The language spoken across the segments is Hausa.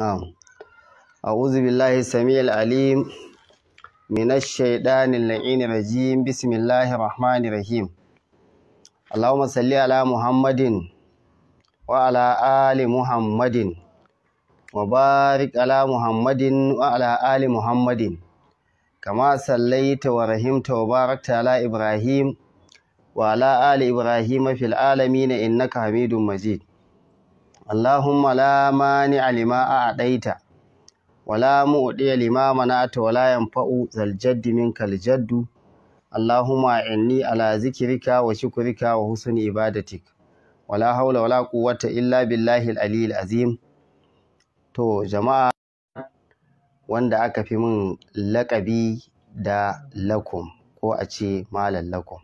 نعم أعوذ بالله السميع العليم من الشيطان اللعين الرجيم بسم الله الرحمن الرحيم اللهم صل على محمد وعلى آل محمد وبارك على محمد وعلى آل محمد كما صليت ورحمت وباركت على إبراهيم وعلى آل إبراهيم في العالمين إنك حميد مجيد Allahumma la mani alima a adaita wala mu'diya lima manata wala yamfau, zal jaddi minkal jaddu inni ala zikrika wa shukrika wa husni ibadatik wala haula wala quwwata illa billahi al-aliyyil azim to jama'a wanda aka fi mun lakabi da lakom ko a ce malam lakum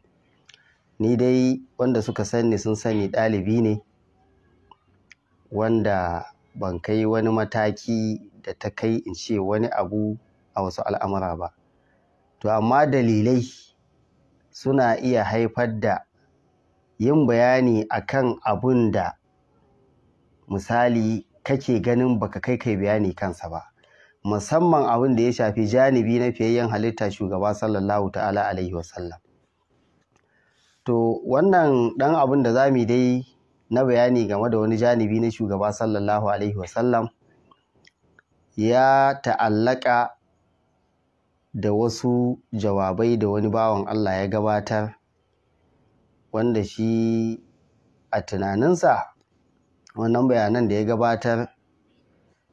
ni dai wanda suka sani sun sani ɗalibi ne wanda ban kai wani mataki da ta kai in ce wani abu a wasu al'amura ba to amma dalilai suna iya haifar da yin bayani akan abin da misali kake ganin baka kai kai bayani kansa ba musamman abin da ya shafi janibi na fiyayyen halitta shugaba sallallahu ta'ala alaihi wasallam to wannan ɗan abin da za mu dai na bayani game da wani janibi na shugaba sallallahu alaihi wasallam ya ta'allaka da wasu jawabai da wani bawan Allah ya gabatar wanda shi a tunaninsa wannan bayanan da ya gabatar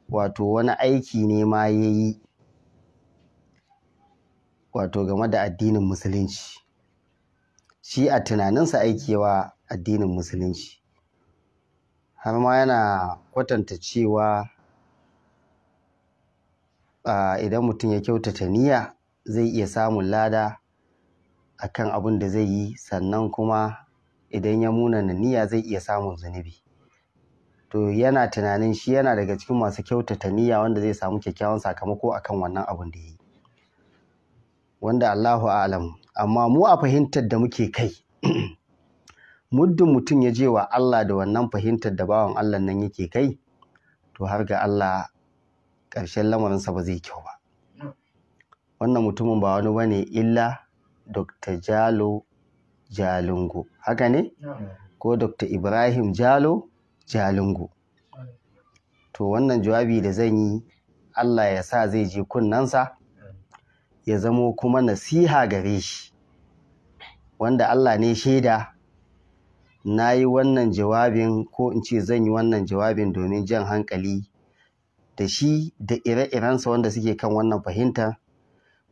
wato wani aiki ne ma ya yi wato game da addinin musulunci shi a tunaninsa aikewa addinin musulunci har ma yana kwatanta cewa idan mutum ya kyautata niyya zai iya samun lada a kan abin da zai yi sannan kuma idan ya munana niyya zai iya samun zunubi to yana tunanin shi yana daga cikin masu kyautata niyya wanda zai samu kyakkyawan sakamako a kan wannan abin da ya yi wanda Allahu a'lam amma mu a fahimtar da muke kai muddin mutum ya je wa Allah da wannan fahimtar da bawan Allah nan yake kai to har ga Allah ƙarshen lamarinsa ba zai kyau ba wannan mutumin ba wani bane illa Dr. Jalo Jalingo haka ne ko Dr. Ibrahim Jalo Jalingo to wannan jawabi da zan yi Allah ya sa zai je kunnansa ya zamo kuma nasiha gare shi wanda Allah ne shaida na yi wannan jawabin ko in ce zan yi wannan jawabin domin jan hankali da shi da ire-irensa wanda suke kan wannan fahimta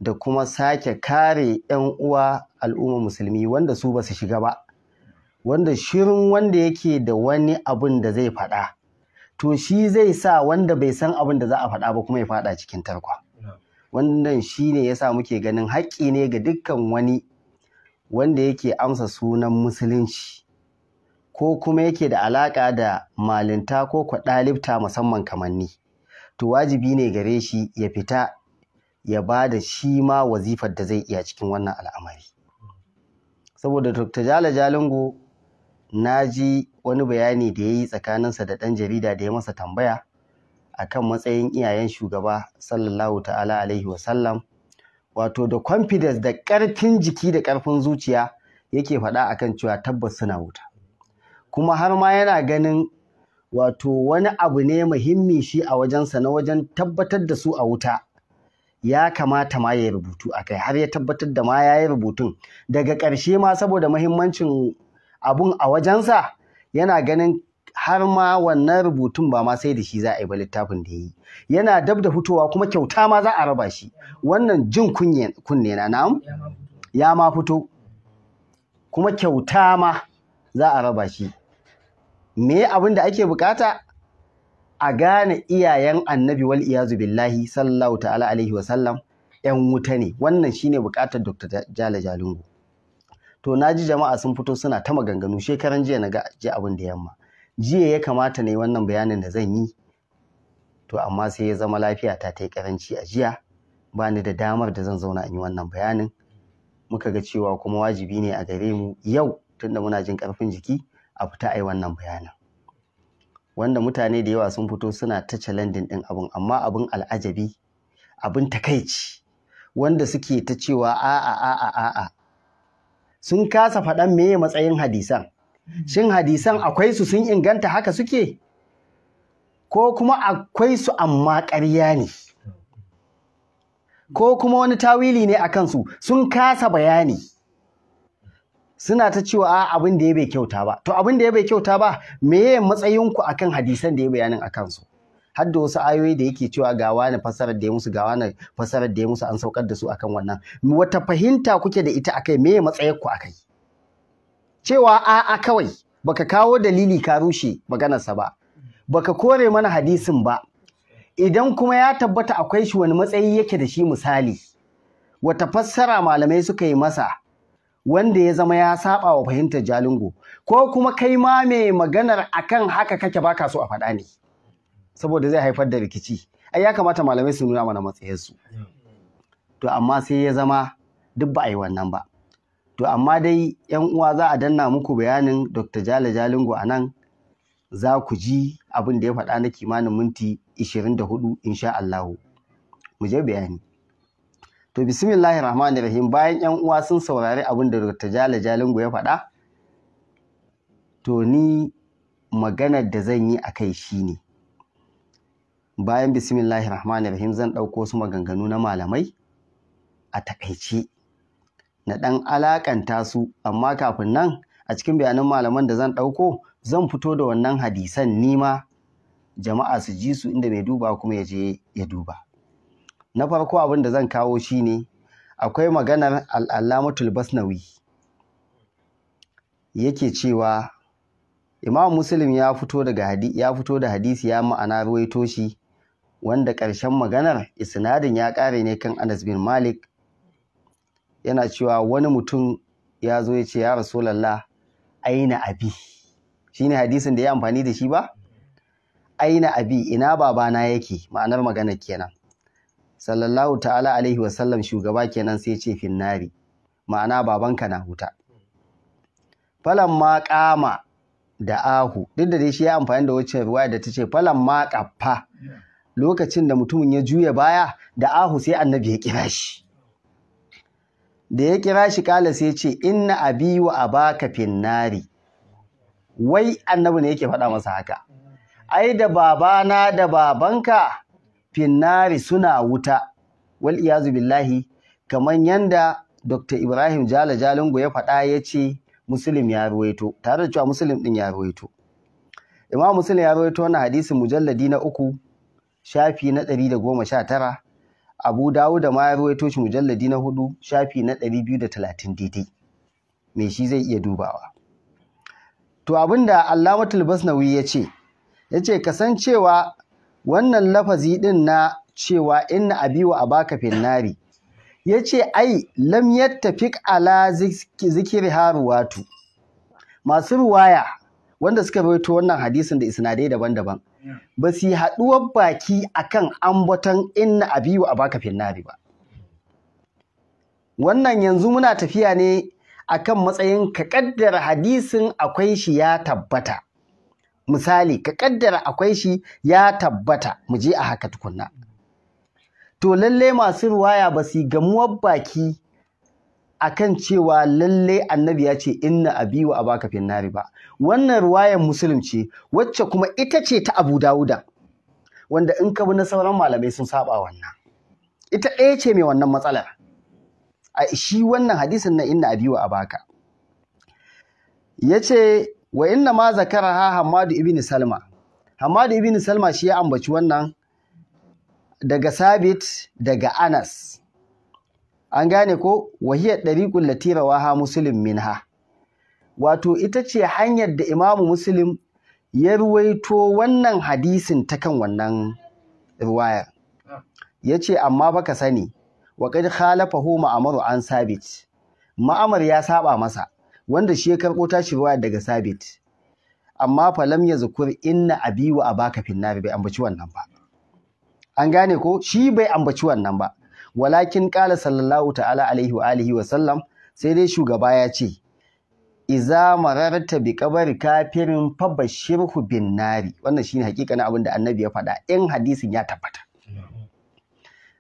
da kuma sake kare 'yan uwa al'umma musulmi wanda su ba su shiga ba wanda shirin wanda yake da wani abin da zai faɗa to shi zai sa wanda bai san abin da za a faɗa ba kuma ya faɗa cikin tarkwa wannan shi ne ya sa muke ganin haƙƙi ne ga dukkan wani wanda yake amsa sunan musulunci ko kuma yake da alaƙa da malinta ko kwaɗalibta musamman kamanni to wajibi ne gare shi ya fita ya ba da shi ma wazifar da zai iya cikin wannan al'amari saboda dr jala jalingo na ji wani bayani da ya yi tsakaninsa da ɗan jarida da ya masa tambaya a kan matsayin iyayen shugaba sallallahu ta'ala alaihi wasallam wato da confidence da ƙarfin jiki da ƙarfin zuciya yake faɗa akan cewa tabbas suna wuta kuma har ma yana ganin wato wani abu ne muhimmi shi a wajensa na wajen tabbatar da su a wuta ya kamata ma ya yi rubutu a kai har ya tabbatar da ma ya yi rubutun daga ƙarshe ma saboda mahimmancin abun a wajensa yana ganin har ma wannan rubutun ba ma sai da shi za a yi ba littafin da ya yi yana dab da fitowa kuma kyauta ma za a raba shi wannan jin kunne na na'am ya ma fito kuma kyauta ma za a raba shi me abin da ake bukata a gane iyayen annabi wal iyazu billahi sallallahu ta'ala alaihi sallam yan wuta ne wannan shine bukatar dr jala jalingo to naji jama'a sun fito suna ta maganganu shekaran jiya na ga ji abin da yamma jiya ya kamata ne wannan bayanin da zan yi to amma sai ya zama lafiya ta ta yi karanci a jiya ba ni da damar da zan zauna in yi wannan bayanin muka ga cewa kuma wajibi ne a gare mu yau tunda muna jin karfin jiki a fita a yi wannan bayanin wanda mutane da yawa sun fito suna ta challenging din abun amma abun al'ajabi abin takaici wanda suke ta cewa a a a a a a sun kasa faɗan meye matsayin hadisan shin hadisan akwai su sun inganta haka suke ko kuma akwai su amma ƙarya ne ko kuma wani tawili ne a kansu sun kasa bayani suna ta cewa a abin da ya bai kyauta ba to abin da ya bai kyauta ba me meye ku akan hadisan da ya bayanin akan su har da wasu ayoyi da yake cewa ga wani fasarar da ya musu ga wani fasarar da ya musu an saukar da su akan wannan wata fahimta kuke da ita akai Me meye matsayinku akai cewa a'a kawai baka kawo dalili ka rushe maganarsa ba baka kore mana hadisin ba idan kuma ya tabbata akwai shi wani matsayi yake da shi misali wata fassara malamai suka yi masa wanda ya zama ya saba wa fahimtar jalingo ko kuma kai ma mai maganar akan haka kake baka so a faɗa ne saboda zai haifar da rikici ai ya kamata malamai su nuna mana matsayinsu to amma sai ya zama duk ba a yi wannan ba to amma dai yan uwa za a danna muku bayanin Dr. Jale Jalingo a nan za ku ji abin da ya faɗa na kimanin minti 24 insha Allah mu je bayani to bismillahi rahmani rahim bayan yan uwa sun saurari abin da Dr. Jale Jalingo ya faɗa to ni maganar da zan yi akai shine bayan bismillahi rahmani rahim zan ɗauko su maganganu na malamai a takaice na ɗan alaƙanta su amma kafin nan a cikin bayanan malaman da zan ɗauko zan fito da wannan hadisan nima jama'a su ji su inda mai duba kuma ya je ya duba na farko abin da zan kawo shi ne akwai maganar al'alamatul basnawi yake cewa imam muslim ya fito da hadisi ya ma'ana ruwaito shi wanda ƙarshen maganar isnadin ya ƙare ne kan anas bin malik yana cewa wani mutum ya zo ya ce ya rasulallah aina abi ne hadisin da ya amfani da shi ba aina abi ina babana yake ma'anar maganar kenan sallallahu ta'ala alaihi wasallam shugaba kenan sai ce finnari ma'ana babanka na huta falan ma kama da ahu duk da dai shi ya amfani da wacce ruwa da ta ce falan ma kaffa lokacin da mutumin ya juya baya da ahu sai annabi ya kira shi da ya kira shi kala sai ce inna abi wa abaka finnari wai annabi ne yake faɗa masa haka ai da babana da babanka finnari suna wuta wal iyazu billahi kamar yanda Dr. Ibrahim Jala Jalingo ya faɗa ya ce Muslim ya ruwaito tare da cewa Muslim ɗin ya ruwaito Imam Muslim ya ruwaito wani hadisin mujalladi na uku shafi na ɗari da goma sha tara Abu ma ya ruwaito shi mujalladi na hudu shafi na ɗari biyu da talatin daidai me shi zai iya dubawa to abinda Allamatul Basnawi ya ce ya ce kasancewa wannan lafazi ɗin na cewa inna abi wa baka finnari ya ce ai lam yattafiq ala zikiri haruwatu masu ruwaya wanda suka rawaito wannan hadisin da isnadai daban-daban ba su yi haɗuwar baki a akan ambaton inna abi wa baka finnari ba wannan yanzu muna tafiya ne a kan matsayin ka hadisin akwai shi ya tabbata misali ka kaddara akwai shi ya tabbata mu je a haka tukunna to lalle masu ruwaya ba su gamuwar baki akan cewa lalle annabi ya ce inna abi wa abaka nari ba wannan ruwayar musulunci ce wacce kuma ita ce ta abu dawuda wanda in ka bi na sauran malamai sun saba wannan ita ɗaya ce mai wannan matsalar a shi wannan hadisin na inna abi wa abaka yace wa inna ma ha Hamadu ibn Salma Hamadu ibn Salma shi ya ambaci wannan daga Sabit daga Anas an gane ko wahiyar dariqul latira ha musulun minha wato ita ce hanyar da imamu muslim ya ruwaito wannan hadisin ta kan wannan riwaya ya ce amma baka sani wa kad khalafahu ma'amaru an sabit ma'amar ya saba masa wanda shi ya karɓo tashi ruwa daga sabit amma falam ya zukur inna abi wa abaka finnari bai ambaci wannan ba an gane ko shi bai ambaci wannan ba walakin qala sallallahu ta'ala alaihi wa alihi wa sallam sai dai shugaba ya ce iza mararta bi kabari kafirin fa bashirhu bin nari wannan shine hakikanin abin da annabi ya faɗa in hadisin ya tabbata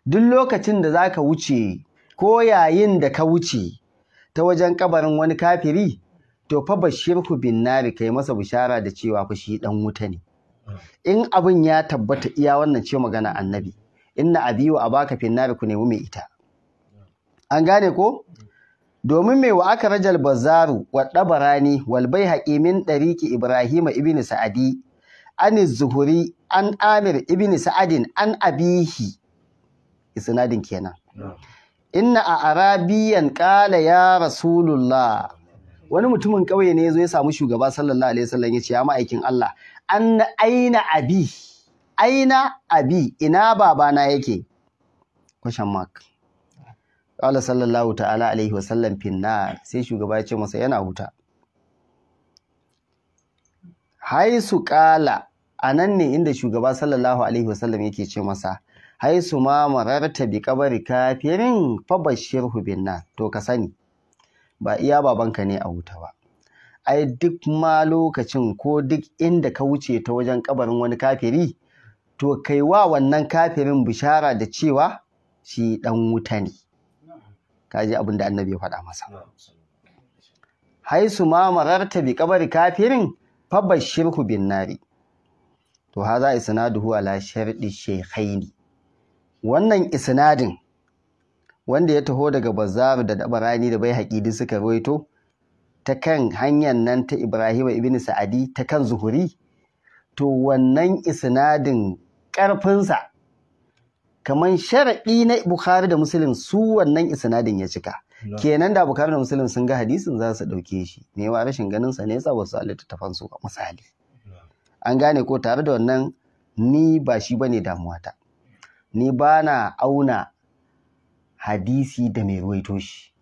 duk lokacin da zaka wuce ko yayin da ka wuce ta wajen kabarin wani kafiri to fa bashirhu bin nari kai masa bishara da cewa fa shi dan wuta ne in abin ya tabbata iya wannan ce magana annabi inna a abaka fin nari ku nemi mai ita an gane ko domin mai wa aka rajal bazaru wa dabarani wal baihaqi min dariki ibrahima ibn sa'adi an zuhuri an amir ibn sa'adin an abihi isnadin kenan inna a arabiyan ƙala ya rasulullah wani mutumin ƙauye ne ya zo ya samu shugaba sallallahu alaihi wasallam ya ce ya ma'aikin Allah an aina abi aina abi ina babana yake question mark qala sallallahu ta'ala alaihi wasallam finna, sai shugaba ya ce masa yana huta haisu kala anan ne inda shugaba sallallahu alaihi wasallam yake ce masa haisu ma mararta bi kabari kafirin fa bashirhu binna to ka sani ba iya babanka ne a wuta ba ai duk ma lokacin ko duk inda ka wuce ta wajen kabarin wani kafiri to kai wa wannan kafirin bishara da cewa shi dan wuta ne kaji abin da annabi ya faɗa masa haisu ma mararta bi kabari kafirin fa bashirhu binnari. to haza isnaduhu ala sharidi shaykhaini wannan isnadin wanda ya taho daga bazzar da dabarani da bai haƙidi suka rawaito ta kan hanyar nan ta ibrahim ibn sa'adi ta kan zuhuri to wannan isnadin ƙarfinsa kaman sharaɗi na bukhari da muslim su wannan isnadin ya cika kenan da bukhari da muslim sun ga hadisin za su ɗauke shi ne wa rashin ganin sa ne yasa ba su littattafan su misali an gane ko tare da wannan ni ba shi bane damuwata ni ba na auna hadisi da mai ruwaito shi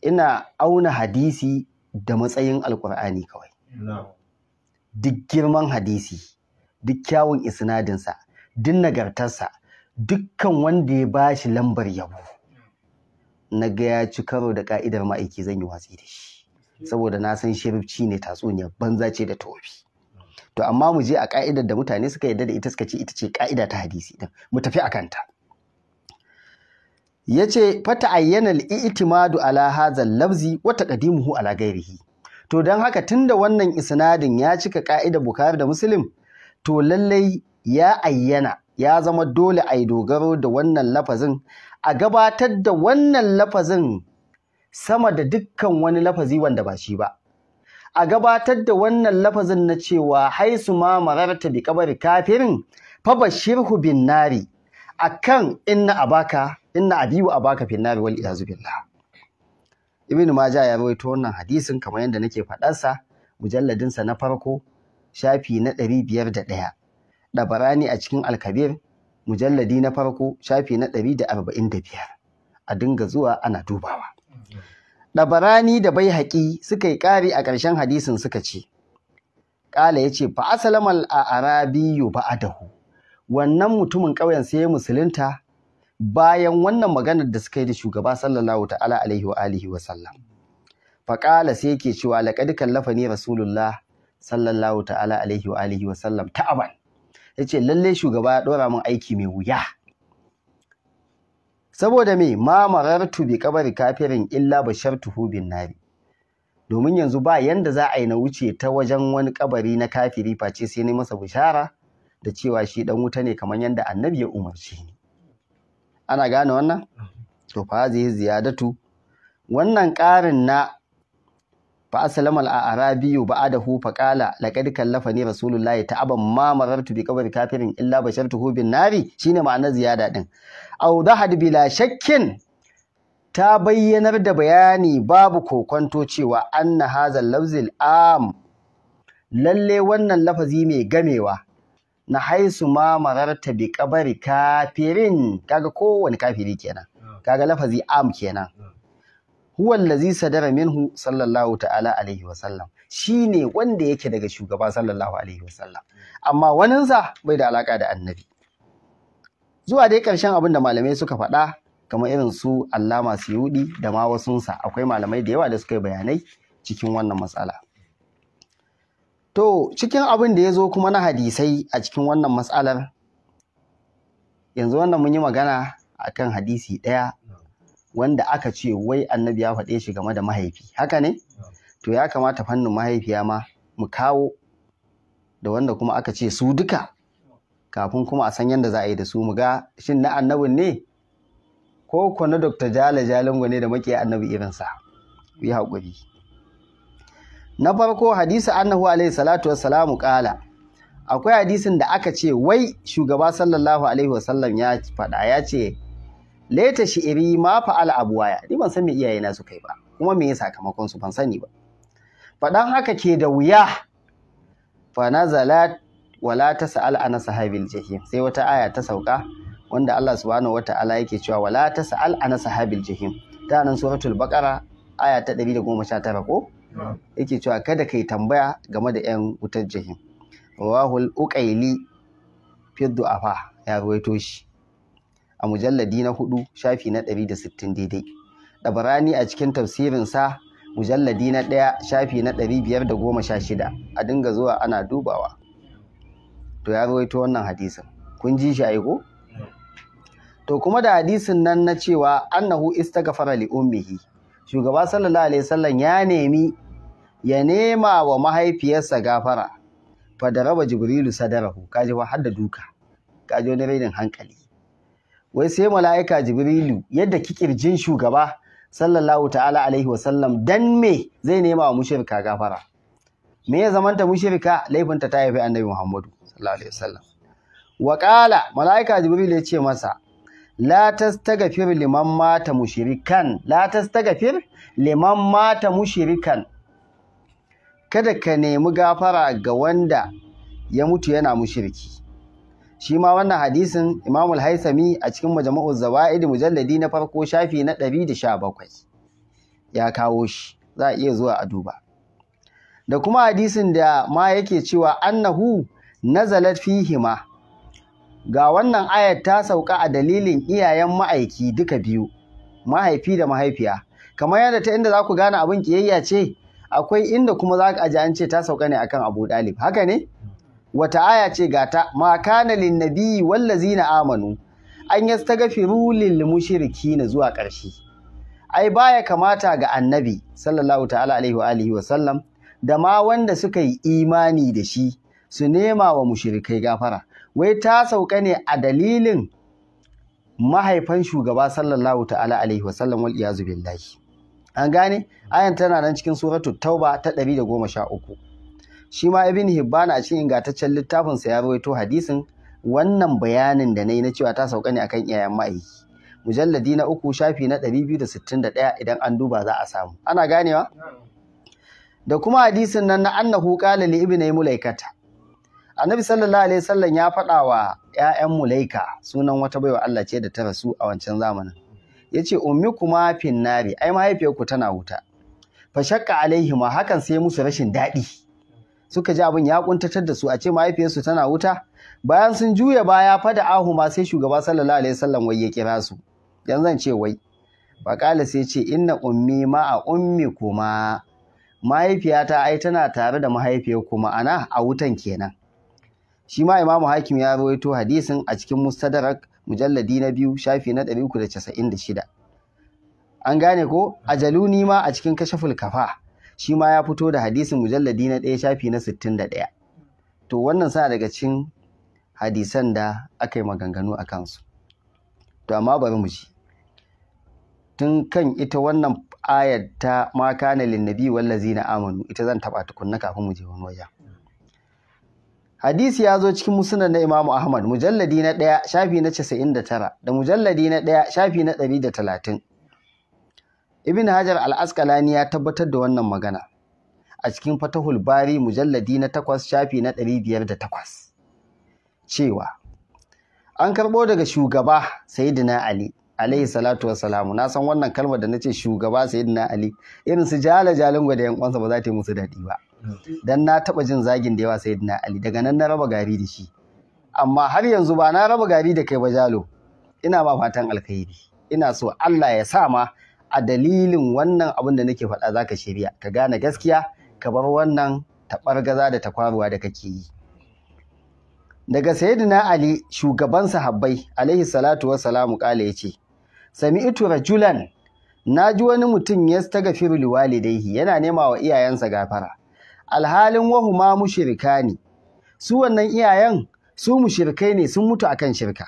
ina auna hadisi da matsayin alkur'ani kawai duk girman hadisi duk kyawun isnadinsa duk nagartarsa dukkan wanda ya ba shi lambar yabo na ga ya ci karo da ka'idar ma'aiki zan yi watsi da shi saboda na san shirifci ne tatsuniyar banza ce da tofi to amma mu je a ka'idar da mutane suka yarda da ita suka ce ita ce ka'ida ta hadisi din mu tafi akan ta yace fata ayyana al-i'timadu ala hadha al-lafzi wa taqdimuhu ala ghairihi to dan haka tunda wannan isnadin ya cika ka'idar Bukhari da Muslim to lallai ya ayyana ya zama dole a yi dogaro da wannan lafazin a gabatar da wannan lafazin sama da dukkan wani lafazi wanda ba shi ba a gabatar da wannan lafazin na cewa haisu ma mararta bi kabari kafirin fa bashirhu bin nari akan inna abaka inna abiyu abaka bin nari wal iyazu billah ibnu majah ya rawaito wannan hadisin kamar yadda nake faɗarsa mujalladin sa na farko shafi na 501 dabarani a cikin alkabir mujalladi na farko shafi na 145 a dinga zuwa ana dubawa ɗabarani da baihaƙi suka yi ƙari a ƙarshen hadisin suka ce ƙala ya ce fa asalamal a arabiyu ba a dahu. wannan mutumin ƙauyen sai ya musulunta bayan wannan maganar da suka yi da shugaba sallallahu ta'ala alaihi wa alihi wa sallam fa ƙala sai yake cewa laƙadi kallafa ne rasulullah sallallahu ta'ala alaihi wa alihi wa sallam ta'aban yace lallai shugaba ya ɗora min aiki mai wuya saboda me mamarar marartu bi kafirin illa bashartuhu bin nari domin yanzu ba yanda za a yi na wuce ta wajen wani kabari na kafiri face sai ne masa bishara da cewa shi dan wuta ne kamar yadda annabi ya umarci ni ana gane wannan to fa zai ziyadatu wannan karin na fa aslamal arabiyu ba'adahu fa qala laqad kallafani rasulullahi ta'aban ma marartu bi qabri kafirin illa bashartuhu bin nari shine ma'anar ziyada din audahad bila shakkin ta bayyanar da bayani babu kokonto cewa anna hazal lafzil am lalle wannan lafazi mai gamewa na haisu ma mararta bi kabari kafirin kaga kowane kafiri kenan kaga lafazi am kenan huwa allazi sadara minhu sallallahu ta'ala alaihi wa sallam shine wanda yake daga shugaba sallallahu alaihi wa sallam amma waninsa bai da alaka da annabi zuwa dai ƙarshen abin da malamai suka faɗa kamar irin su allama suyudi da ma wasunsa akwai malamai da yawa da suka yi bayanai cikin wannan matsala to cikin abin da ya zo kuma na hadisai a cikin wannan matsalar yanzu wannan mun yi magana akan hadisi ɗaya wanda aka ce wai annabi ya faɗe shi game da mahaifi haka ne to ya kamata fannin mahaifiya ma mu kawo da wanda kuma aka ce su duka kafin kuma a san yadda za a yi da su mu ga shin na annabin ne ko ku na Dr. Jala Jalingo ne da muke annabi irinsa ku yi haƙuri na farko hadisi annahu alaihi salatu wassalamu kala akwai hadisin da aka ce wai shugaba sallallahu alaihi wasallam ya faɗa ya ce leta shi'iri ma fa'al abuwaya ni ban san me iyayena su kai ba kuma me sakamakon su ban sani ba faɗan haka ke da wuya fa nazalat wala ta sa'al ana sahabil jahim sai wata aya ta sauka wanda Allah subhanahu ta'ala yake cewa wala ta sa'al ana sahabil jahim ta nan suratul baqara aya ta 119 ko yake cewa kada kai tambaya game da yan wutar jahim rawahul uqaili fi du'afa ya ruwaito shi a mujalladi na hudu shafi na 160 daidai dabarani a cikin tafsirin sa mujalladi na ɗaya shafi na 516 a dinga zuwa ana dubawa to ya ruwaito wannan hadisin kun ji shi aiko to kuma da hadisin nan na cewa annahu istaghfara li ummihi shugaba sallallahu alaihi wasallam ya nemi ya nema wa mahaifiyarsa gafara fa da raba jibrilu sadarahu kaji wa hadda duka kaji wani rainin hankali wai sai mala'ika jibrilu yadda kikirjin shugaba sallallahu ta'ala alaihi wasallam dan me zai nema wa mushrika gafara me ya zamanta mushrika laifinta ta haifi annabi muhammadu sallallahu alaihi wasallam wa qala malaika jibril yace masa la tastagfir liman mata mushrikan la tastagfir liman mata mushrikan kada ka nemi gafara ga wanda ya mutu yana mushriki shi ma wannan hadisin Imam Al-Haisami a cikin Majmu'uz Zawaid mujalladi na farko shafi na 117 ya kawo shi za a iya zuwa a duba da kuma hadisin da ma yake cewa annahu nazalat fihima ga wannan ayat ta sauka a dalilin iyayen ma'aiki duka biyu mahaifi da mahaifiya kamar yadda ta inda za ku gane abin kiyayya ce akwai inda kuma za ka aji an ce ta sauka ne akan Abu Dalib haka ne wata aya ce ga ta ma kana lin nabiyyi wallazina amanu an yastaghfiru lil na zuwa ƙarshe ai baya kamata ga annabi sallallahu ta'ala alaihi wa alihi wa sallam da ma wanda suka yi imani da shi su nema wa mushirikai gafara wai ta sauka ne a dalilin mahaifan shugaba sallallahu ta'ala alaihi wa sallam wal iyazu billahi an gane ayan tana nan cikin suratul tauba ta ɗari da goma 113 shi ma ibn hibbana a cikin ingataccen littafin sa ya rawaito hadisin wannan bayanin da nayi na cewa ta sauka ne akan iyayen ma'aiki mujalladi na uku shafi na 261 idan an duba za a samu ana ganewa da kuma hadisin nan na annahu qala li yi mulaikata annabi sallallahu alaihi wasallam ya faɗa wa ‘ya'yan mulaika sunan wata baiwa Allah ce da ta rasu a wancan zamanin ya ce ummi kuma finnari ai mahaifiyarku tana wuta fa shakka alaihi ma hakan sai musu rashin daɗi suka ji abin ya kuntatar da su a ce mahaifiyarsu tana wuta bayan sun juya baya fada ahu ma sai shugaba sallallahu alaihi wasallam wai ya kira su yanzu zan ce wai Baƙala sai ce inna ummi ma a ummi kuma mahaifiyata ai tana tare da mahaifiyar kuma ana a wutan kenan shi ma imamu hakim ya rawaito hadisin a cikin mustadrak mujalladi na biyu shafi na shida. an gane ko ajaluni ma a cikin kashaful kafa shi ma ya fito da hadisin mujalladi na ɗaya shafi na 61 to wannan sa daga cikin hadisan da aka yi maganganu a kansu to amma bari mu ji tun kan ita wannan ayar ta ma kana wallazi na amanu ita zan taba tukunna kafin mu je wani wajen hadisi ya zo cikin musnad na Imam Ahmad mujalladi na ɗaya shafi na casa'in da tara da mujalladi na ɗaya shafi na da talatin. Ibn Hajar al askalani ya tabbatar da wannan magana a cikin Fatahul Bari mujalladi na takwas shafi na biyar da takwas. cewa an karɓo daga shugaba Sayyidina Ali alaihi salatu wa salamu. na san wannan kalmar da na ce shugaba Sayyidina Ali irin su jala jalan gwada yan kwansa ba za ta yi musu daɗi ba dan na taɓa jin zagin da yawa sayyidina ali daga nan na raba gari da shi amma har yanzu ba na raba gari da kai ba jalo ina ba fatan alkhairi ina so Allah ya sa ma a dalilin wannan abin da nake faɗa zaka shirya ka gane gaskiya ka bar wannan tabargaza da takwaruwa da kake yi daga sayyidina ali shugaban sahabbai alaihi salatu wassalamu kale yace sami'tu rajulan ji wani mutum ya stagafiru liwalidaihi yana nema wa iyayensa gafara alhalin wahuma mushirka ne su wannan iyayen su mushirkai ne sun mutu akan shirka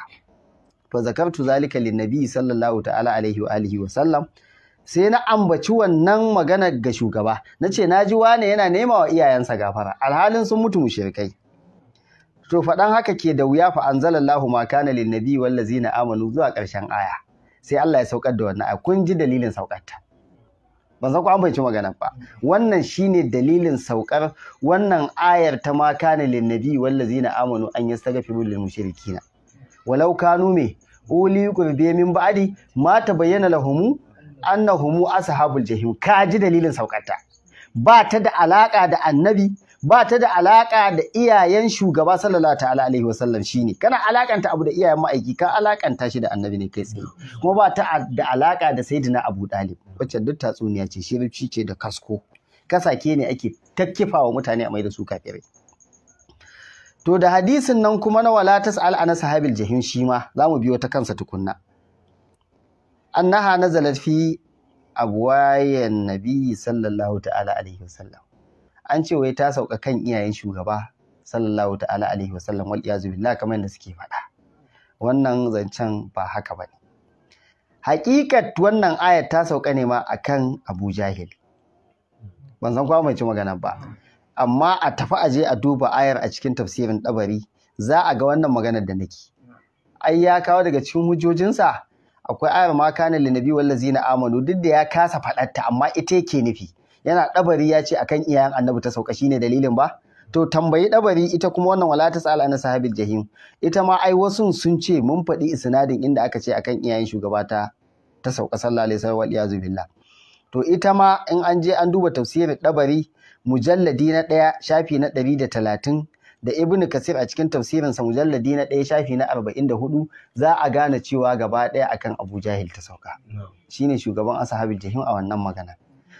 To zakartu zalika linnabi sallallahu ta'ala alaihi wa alihi wa sallam sai na ambaci wannan magana ga shugaba Na ce na ji wane yana nema wa iyayensa gafara alhalin sun mutu mushirikai. to faɗan haka ke da wuya fa anzalallahu ma kana linnabi wallazina amanu zuwa ƙarshen aya sai Allah ya saukar da wannan aya kun ji dalilin saukarta ban za ku an bai magana ba wannan shine dalilin saukar wannan ayar ta ma kana lin nabi na amanu an yastaghfiru lil mushrikina walau kanu me uli qurbi min ba'di ma tabayyana lahumu annahumu ashabul jahim ji dalilin saukarta ba ta da alaka da annabi ba ta da alaƙa da iyayen shugaba sallallahu ta'ala alaihi wasallam shine kana alakanta abu da iyayen ma'aiki ka alakanta shi da annabi ne kai tsaye kuma ba ta da alaƙa da sayyidina Abu Dalib wacce duk tatsuniya ce shirci ce da kasko kasake ne ake takkifawa mutane a mai da su kafirai to da hadisin nan kuma na wala tas'al ana sahabil jahim shi ma mu biyo ta kansa tukunna annaha nazalat fi abwayan nabi sallallahu ta'ala alaihi wasallam an ce wai ta sauka kan iyayen shugaba sallallahu ta'ala alaihi wasallam wal iyazu billah kamar da suke faɗa wannan zancen ba haka bane hakikat wannan ayat ta sauka ne ma akan Abu Jahil ban san kwa mai ci magana ba amma a tafi aje a duba ayar a cikin tafsirin dabari za a ga wannan maganar da nake ai ya kawo daga cikin hujjojinsa akwai ayar ma kana linabi wallazina amanu duk da ya kasa faɗarta amma ita yake nufi yana ɗabari ya ce akan iyayen annabi ta sauka shine dalilin ba to tambayi ɗabari ita kuma wannan wala ta tsala na sahabil jahim ita ma ai wasu sun ce mun faɗi isnadin inda aka ce akan iyayen shugaba ta ta sauka sallallahu alaihi wasallam wal iyazu billah to ita ma in an je an duba tafsirin ɗabari mujalladi na ɗaya shafi na ɗari da talatin da ibnu kasir a cikin sa mujalladi na ɗaya shafi na arba'in da hudu za a gane cewa gaba ɗaya akan abu jahil ta sauka shine shugaban ashabil jahim a wannan magana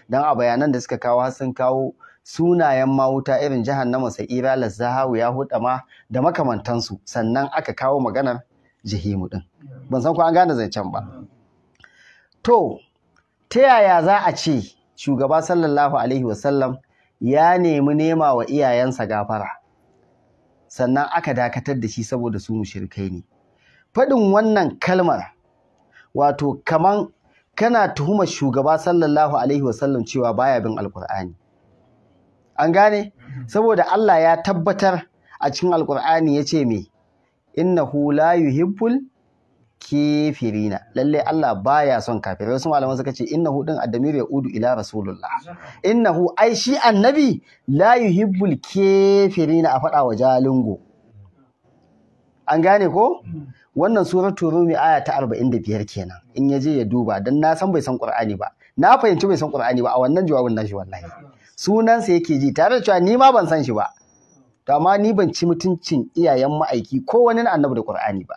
don a bayanan da suka kawo sun kawo sunayen mawuta irin jihar namu sa'ira lazzahawu ya huɗa ma da makamantansu sannan aka kawo maganar jihimu din ban san ko an gane zancen ba to ta yaya za a ce shugaba sallallahu alaihi wasallam ya nemi nema wa iyayensa gafara sannan aka dakatar da shi saboda su mushrikai ne faɗin wannan kalmar wato kaman kana tuhumar shugaba sallallahu alaihi wasallam cewa baya bin alkur'ani an gane saboda Allah ya tabbatar a cikin alkur'ani ya ce me innahu la yuhibbul kafirina lalle Allah baya son kafirai wasu malaman suka ce innahu din addamir ya udu ila rasulullah innahu ai shi annabi la yuhibbul kafirina a faɗa wa jalingo an gane ko wannan suratu rumi aya ta arba'in da biyar kenan in ya je ya duba don na san bai san qur'ani ba na fahimci bai san qur'ani ba a wannan jawabin nashi wallahi sunansa yake ji tare da cewa ni ma ban san shi ba to amma ni ban ci mutuncin iyayen ma'aiki ko wani annabi da qur'ani ba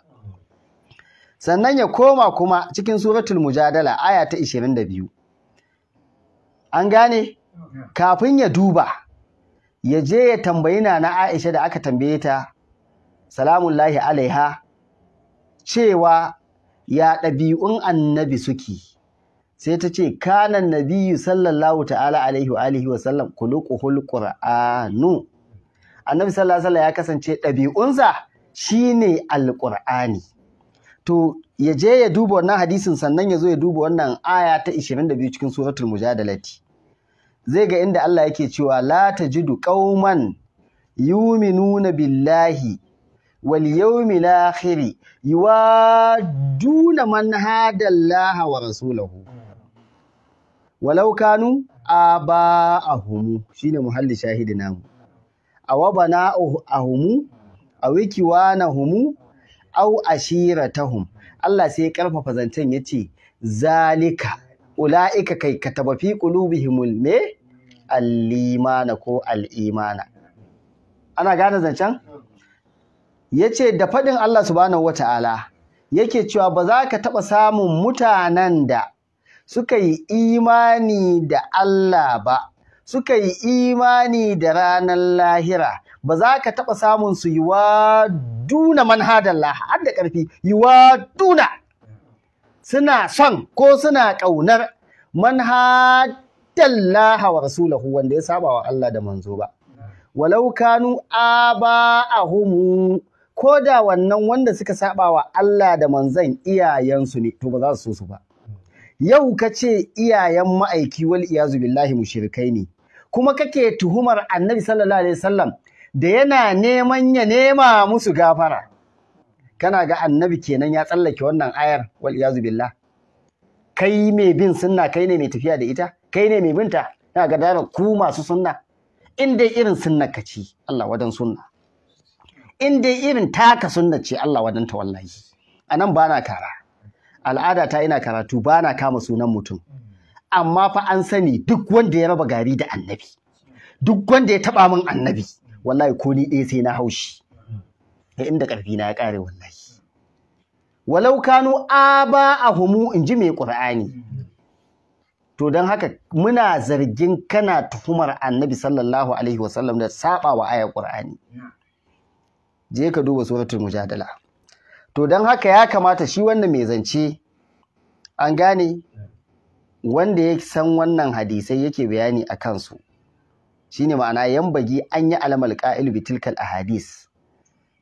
sannan ya koma kuma cikin suratul mujadala aya ta 22 an gane kafin ya duba ya je ya tambayi na na Aisha da aka tambaye ta salamun lahi alaiha cewa ya ɗabi'un annabi suke sai ta ce kanan nabiyyu sallallahu ta'ala alaihi wa alihi wa sallam qur'anu annabi sallallahu alaihi ya kasance ɗabi'unsa shine alqur'ani to ya je ya duba wannan hadisin sannan ya zo ya duba wannan aya ta 22 cikin suratul mujadalati zai ga inda Allah yake cewa la tajidu qauman yuminuna billahi wal yawmil akhir yuwaduna man hada wa rasulahu walau kanu aba'ahum shine muhalli shahidi namu awabana ahumu awikiwanahumu au ashiratahum Allah sai ya karfafa zancen yace zalika ula'ika kai kataba fi qulubihimul me al-imana ko al-imana ana gane zancen Ya ce da faɗin Allah subhanahu wata'ala yake cewa ba za ka taɓa samun mutanen da suka yi imani da Allah ba suka yi imani da ranar lahira ba za ka taɓa samun su yi wa duna manhadallah har da ƙarfi yi wa duna suna son ko suna ƙaunar manhadallah wa rasulahu wanda ya saba wa Allah da manzo ba walau kanu humu. ko da wannan wanda suka saba wa Allah da manzan iyayensu ne to ba za su so su ba yau ka ce iyayen ma'aiki wal iyazu billahi mushrikai ne kuma kake tuhumar annabi sallallahu alaihi wasallam da yana neman ya nema musu gafara kana ga annabi kenan ya tsallake wannan ayar wal iyazu billah kai mai bin sunna kai ne mai tafiya da ita kai ne mai binta kana ga da ku masu sunna in dai irin sunna ka ci Allah wadan sunna in dai irin taka sunna ce Allah wadanta wallahi a anan bana kara al'ada ta ina karatu bana kama sunan mutum amma fa an sani duk wanda ya raba gari da annabi duk wanda ya taba min annabi wallahi ko ni ɗaya sai na haushi da inda ƙarfi na ya ƙare wallahi walau kanu aba ahumu in ji mai ƙur'ani to don haka muna zargin kana tuhumar annabi sallallahu alaihi wasallam da saba wa ayar ƙur'ani je ka duba suratul mujadala to don haka ya kamata shi wanda mai zance an gane wanda ya san wannan hadisai yake bayani a kansu shine ma'ana 'yan an yi alamal ka'il bi tilkal ahadis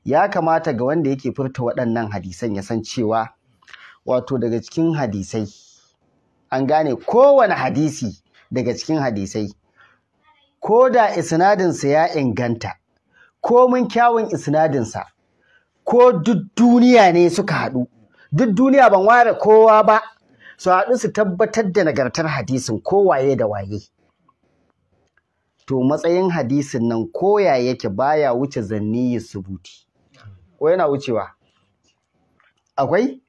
ya kamata ga wanda yake furta waɗannan hadisan ya san cewa wato daga cikin hadisai an gane kowane hadisi daga cikin hadisai ko da isnadinsa ya inganta komin kyawun isnadinsa ko duk duniya ne suka haɗu duk duniya ban ware kowa ba su haɗu su tabbatar da nagartar hadisin ko waye da waye to matsayin hadisin nan koya yake baya wuce zanni ya subuti ko yana wucewa akwai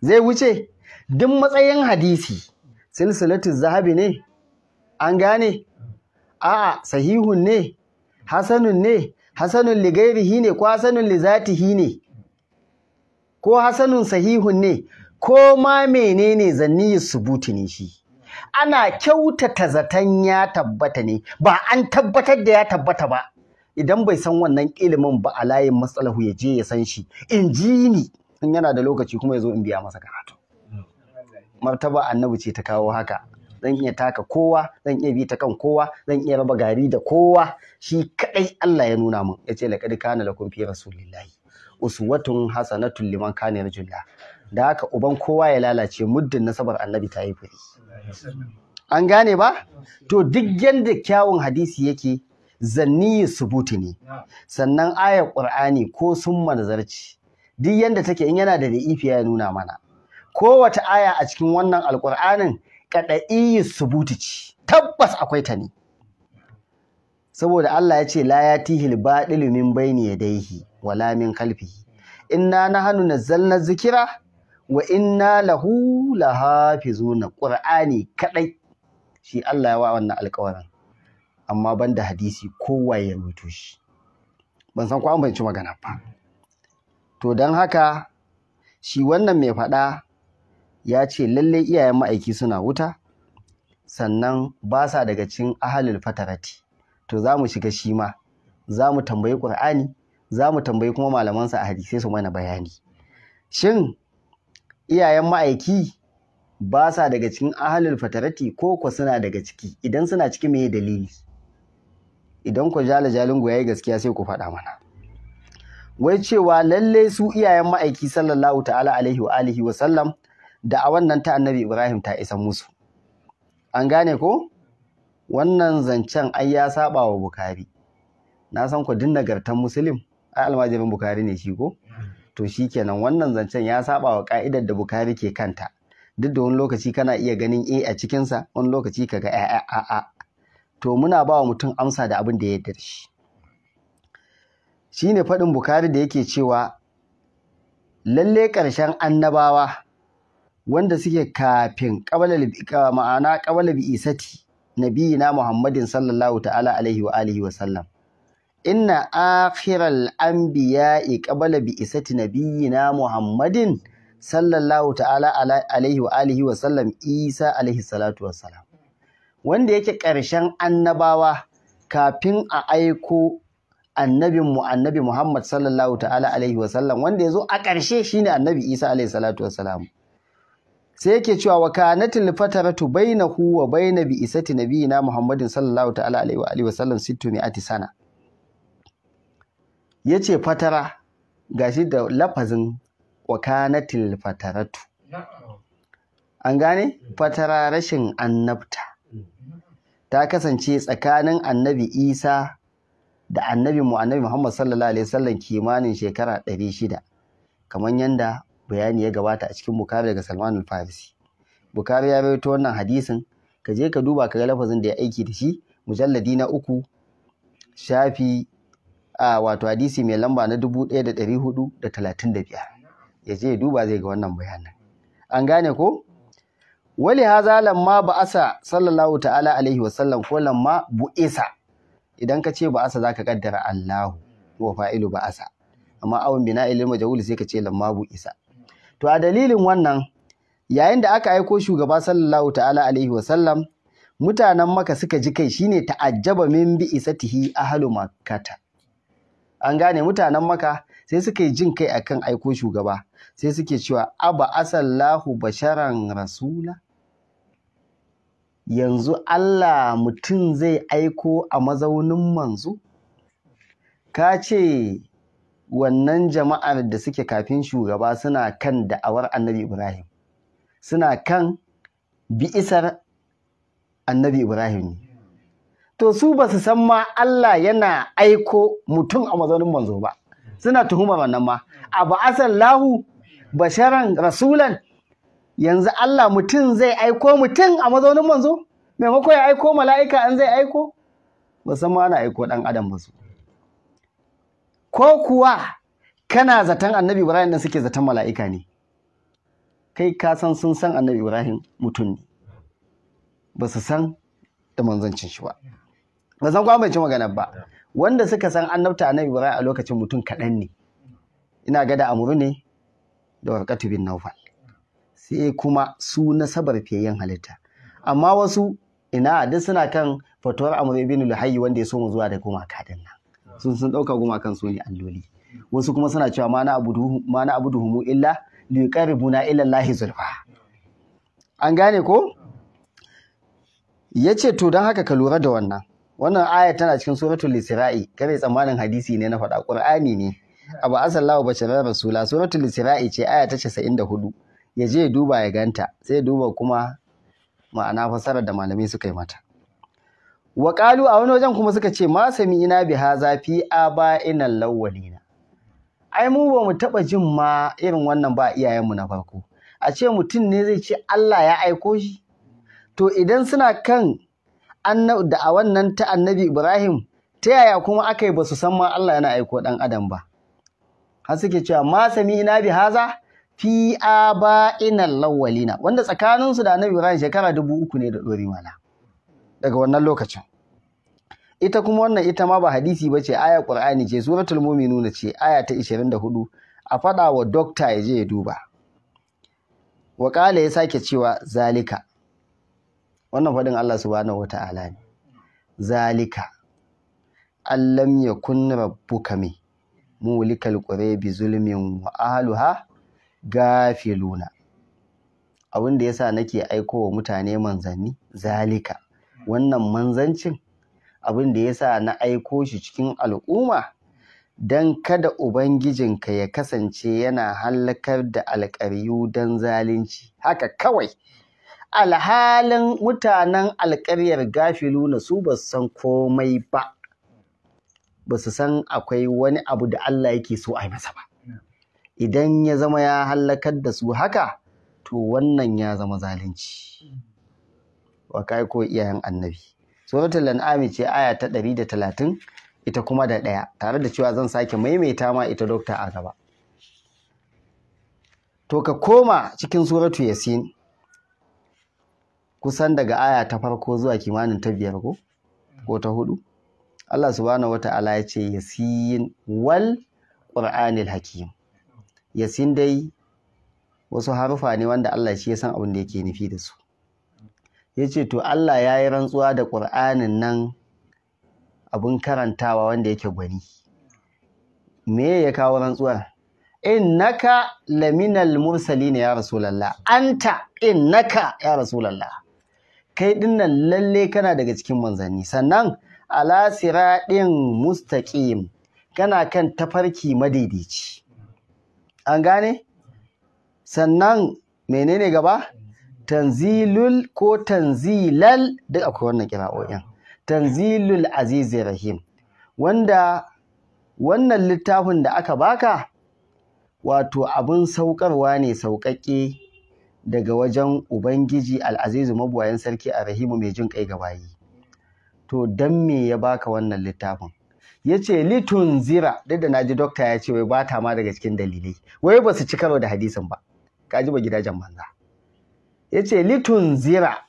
zai wuce duk matsayin hadisi silsilatu zahabi ne an gane a'a sahihun ne hasanun ne hasanun li gairihi ne ko hasanun li zatihi ne ko hasanun sahihun ne ko ma menene zanni subuti ne shi ana kyautata zaton ya tabbata ne ba an tabbatar da ya tabbata ba idan bai san wannan ilimin ba a layin matsalahu ya je ya san shi in ji ni in yana da lokaci kuma ya zo in biya masa karatu martaba annabi ce ta kawo haka zan iya taka kowa zan iya bi ta kan kowa zan iya raba gari da kowa shi kadai Allah ya nuna min yace laqad kana lakum fi rasulillahi uswatun hasanatun liman kana yarjulla da haka uban kowa ya lalace muddin nasabar annabi ta yi fure an gane ba to duk yanda kyawun hadisi yake zanni subuti ne sannan ayar qur'ani ko sun manzarci duk yanda take in yana da da'ifi ya nuna mana kowace aya a cikin wannan alqur'anin kada'i subuti ce tabbas akwai ta ne saboda Allah ya ce la ya ba ilimin min ya daihi wala min khalfihi inna na zalna zikira wa inna lahu lahafizuna qur'ani kaɗai. shi Allah ya wa wannan alƙawarin amma ban da hadisi kowa ya rubuto shi ban san kwan banci magana ba to don haka shi wannan mai faɗa ya ce lallai iyayen ma'aiki suna wuta sannan ba sa daga cin ahalul fatarati to za mu shiga shi ma za mu tambayi ƙur'ani za mu tambayi kuma malamansa a hadisai su mana bayani shin iyayen ma'aiki ba sa daga cikin ahalul fatarati ko ko suna daga ciki idan suna ciki me dalili idan ku jala jalingo yayi gaskiya sai ku faɗa mana wai cewa lalle su iyayen ma'aiki sallallahu ta'ala alaihi wa alihi wa sallam da a wannan ta annabi Ibrahim ta isa musu an gane ko wannan zancen ai ya saba wa bukari na san ku dinna nagartan muslim ai almajirin bukari ne shi ko to shikenan wannan zancen ya saba wa ka'idar da bukari ke kanta duk da wani lokaci kana iya ganin a a cikinsa wani lokaci ka ga a a to muna ba wa mutum amsa da abin da ya yarda da shi shine faɗin bukari da yake cewa lalle ƙarshen annabawa wanda suke kafin ma'ana ƙabalar bi isati nabiyina Muhammadin sallallahu ta'ala alaihi wa alihi wa sallam inna akhiral anbiya'i qabla bi isati nabiyina Muhammadin sallallahu Isa alaihi wanda yake ƙarshen annabawa kafin a aiko annabin mu annabi Muhammad sallallahu ta'ala alaihi wa yazo a ƙarshe shine annabi Isa alaihi sai yake cewa wa kanatil fataratu bainahu wa baina bi isati nabiyina Muhammadin sallallahu ta'ala alaihi wa alihi wa sallam sittu mi'ati sana yace fatara gashi da lafazin wa kanatil fataratu an gane fatara rashin annabta ta kasance tsakanin annabi Isa da annabi mu annabi Muhammad sallallahu alaihi wasallam kimanin shekara 600 kamar yanda bayani ya gabata a cikin Bukhari daga Salman al-Farisi Bukhari ya rawaito wannan hadisin ka je ka duba ka ga lafazin da ya aiki da shi mujalladi na uku shafi a wato hadisi mai lamba na dubu ɗaya da da ɗari talatin 1435 ya je ya duba zai ga wannan bayanan. an gane ko wali haza lamma ba'asa sallallahu ta'ala alaihi wasallam ko lamma bu'isa idan ka ce ba'asa ka kaddara Allahu wa fa'ilu ba'asa amma awon bina ilil majhul sai ka ce lamma bu isa To a dalilin wannan yayin da aka aiko shugaba sallallahu ta'ala alaihi wasallam mutanen maka suka ji kai shine ta'ajjaba min bi isatihi ahlu makkata an gane mutanen maka sai suka yi jin kai akan aiko shugaba sai suke cewa aba asallahu basharan rasula yanzu Allah mutum zai aiko a mazaunin manzo ka ce wannan jama'ar da suke kafin shugaba suna kan da'awar annabi Ibrahim suna kan bi'isar annabi Ibrahim to su ba su san ma Allah yana aiko mutum a mazaunin manzo ba suna tuhumar wannan ma a ba'asar lahu basharan rasulan yanzu Allah mutum zai aiko mutum a mazaunin manzo maimako ya aiko mala'ika an zai aiko ba san ma ana aiko dan adam ba su ko kuwa kana zaton annabi ibrahim da suke zaton mala'ika ne kai ka san sun san annabi ibrahim mutum ne ba su san da manzancin shi ba ba san kuma ci magana ba wanda suka san annabta annabi ibrahim a lokacin mutum kaɗan ne ina gada a amuru ne da warkatu bin naufal sai kuma su nasabar fiyayyen halitta amma wasu ina duk suna kan fatuwar amuru bin luhayi wanda ya so mu zuwa da kuma kadin nan sun sun ɗauka gumakan su ne alloli wasu kuma suna cewa ma na humu illa liqarribuna ila Allah zulfa an gane ko yace to don haka ka lura da wannan wannan aya tana cikin suratul isra'i kare tsammanin hadisi ne na faɗa qur'ani ne abu asallahu basharar rasula suratul isra'i ce aya ta 94 ya je duba ya ganta sai duba kuma ma'ana fasara da malamai suka yi mata wa a wani wajen kuma suka ce ma ina bi haza fi aba'inal lawwalina ai mu ba mu taba jin ma irin wannan ba iyayenmu na farko a ce mutum ne zai ce Allah ya aiko shi to idan suna kan da a wannan ta annabi Ibrahim ta yaya kuma aka yi ba su san ma Allah yana aiko ɗan adam ba har suke cewa ma sami ina bi haza fi ina lawalina wanda tsakaninsu da annabi Ibrahim shekara dubu uku ne da ɗori mana daga wannan lokacin ita kuma wannan ita ma ba hadisi ba ce aya ƙur'ani ce suratul muminuna ce aya ta 24 a faɗa wa dokta ya je ya duba wakala ya sake cewa zalika wannan faɗin Allah su subhanahu ta'ala ne zalika allam yakun rabbuka mai mulikal ƙure bi zulmin wa ahluha gafiluna abin da yasa nake aiko wa mutane manzanni zalika wannan manzancin abin da ya sa na aiko shi cikin al'umma don kada Ubangijinka ya kasance yana hallakar da alƙaryu don zalunci haka kawai alhalin mutanen alƙaryar gafilu na su ba san komai ba ba su san akwai wani abu da Allah yake so a yi masa ba idan ya zama ya hallakar da su haka to wannan ya zama zalunci. wa kai ko iyayen annabi suratul an'am ce aya ta 130 ita kuma da ɗaya tare da cewa zan sake maimaita ma ita dokta a gaba to ka koma cikin suratu yasin kusan daga aya ta farko zuwa kimanin ta biyar ko ko ta hudu Allah subhanahu wata'ala ya ce yasin wal qur'anil hakim yasin dai wasu harufa ne wanda Allah shi ya san abin da yake nufi da su ya ce to Allah ya yi rantsuwa da ƙur'anin nan abin karantawa wanda yake gwani me ya kawo rantsuwar innaka laminal mursalina ya rasulullah anta innaka ya rasu lalla. kai dinnan lalle kana daga cikin manzanni sannan ala ɗin mustaqim kana kan tafarki madaidaici an gane sannan menene gaba tanzilul ko tanzilal duk akwai wannan kira'o'in tanzilul azizi rahim wanda wannan littafin da aka baka wato abin saukarwa ne sauƙaƙe daga wajen ubangiji al'azizu mabuwayen sarki a rahimu mai jin kai gabayi to don me ya baka wannan littafin ya ce litun zira duk da naji dokta ya ce wai ba ta ma daga cikin dalilai wai ba su ci karo da hadisin ba ka ji ba gidajen banza ya ce litun zira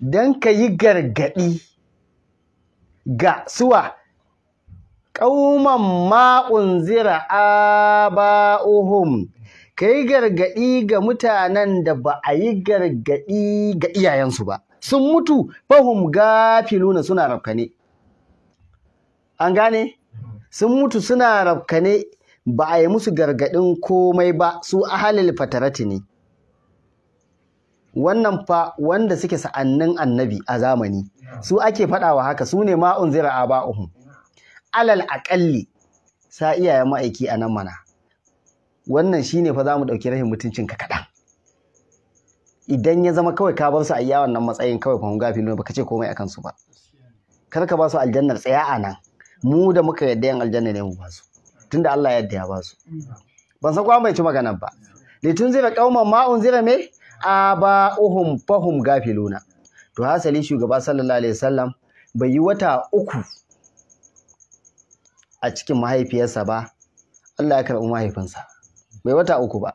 don ka yi gargaɗi ga suwa ƙauman ma'un zira a ba'uhum ka yi gargaɗi ga mutanen da ba a yi gargaɗi ga iyayensu ba sun mutu fahim gafiluna suna rafkane an gane sun mutu suna rafkane ba a yi musu gargaɗin komai ba su ahalil fatarati ne wannan fa wanda suke sa'annin annabi a zamani su ake faɗawa haka su ne ma'un zira a ba'uhun alal aƙalli sa iyayen ma'aiki a nan mana wannan shi ne fa za mu ɗauki rahin mutuncin ka kaɗan idan ya zama kawai ka bar su a yawon nan matsayin kawai fa gafi ne ka ce komai a kansu ba kar ka ba su aljannar tsaya a nan mu da muka yadda yan aljanna ne mu ba su tunda Allah ya yadda ya ba su ban san kwa bai ci maganar ba litun zira ƙauman ma'un zira me aba'uhum fahum gafiluna to hasali shugaba sallallahu alaihi wasallam bai yi wata uku a cikin mahaifiyarsa ba Allah ya karɓi mahaifinsa bai wata uku ba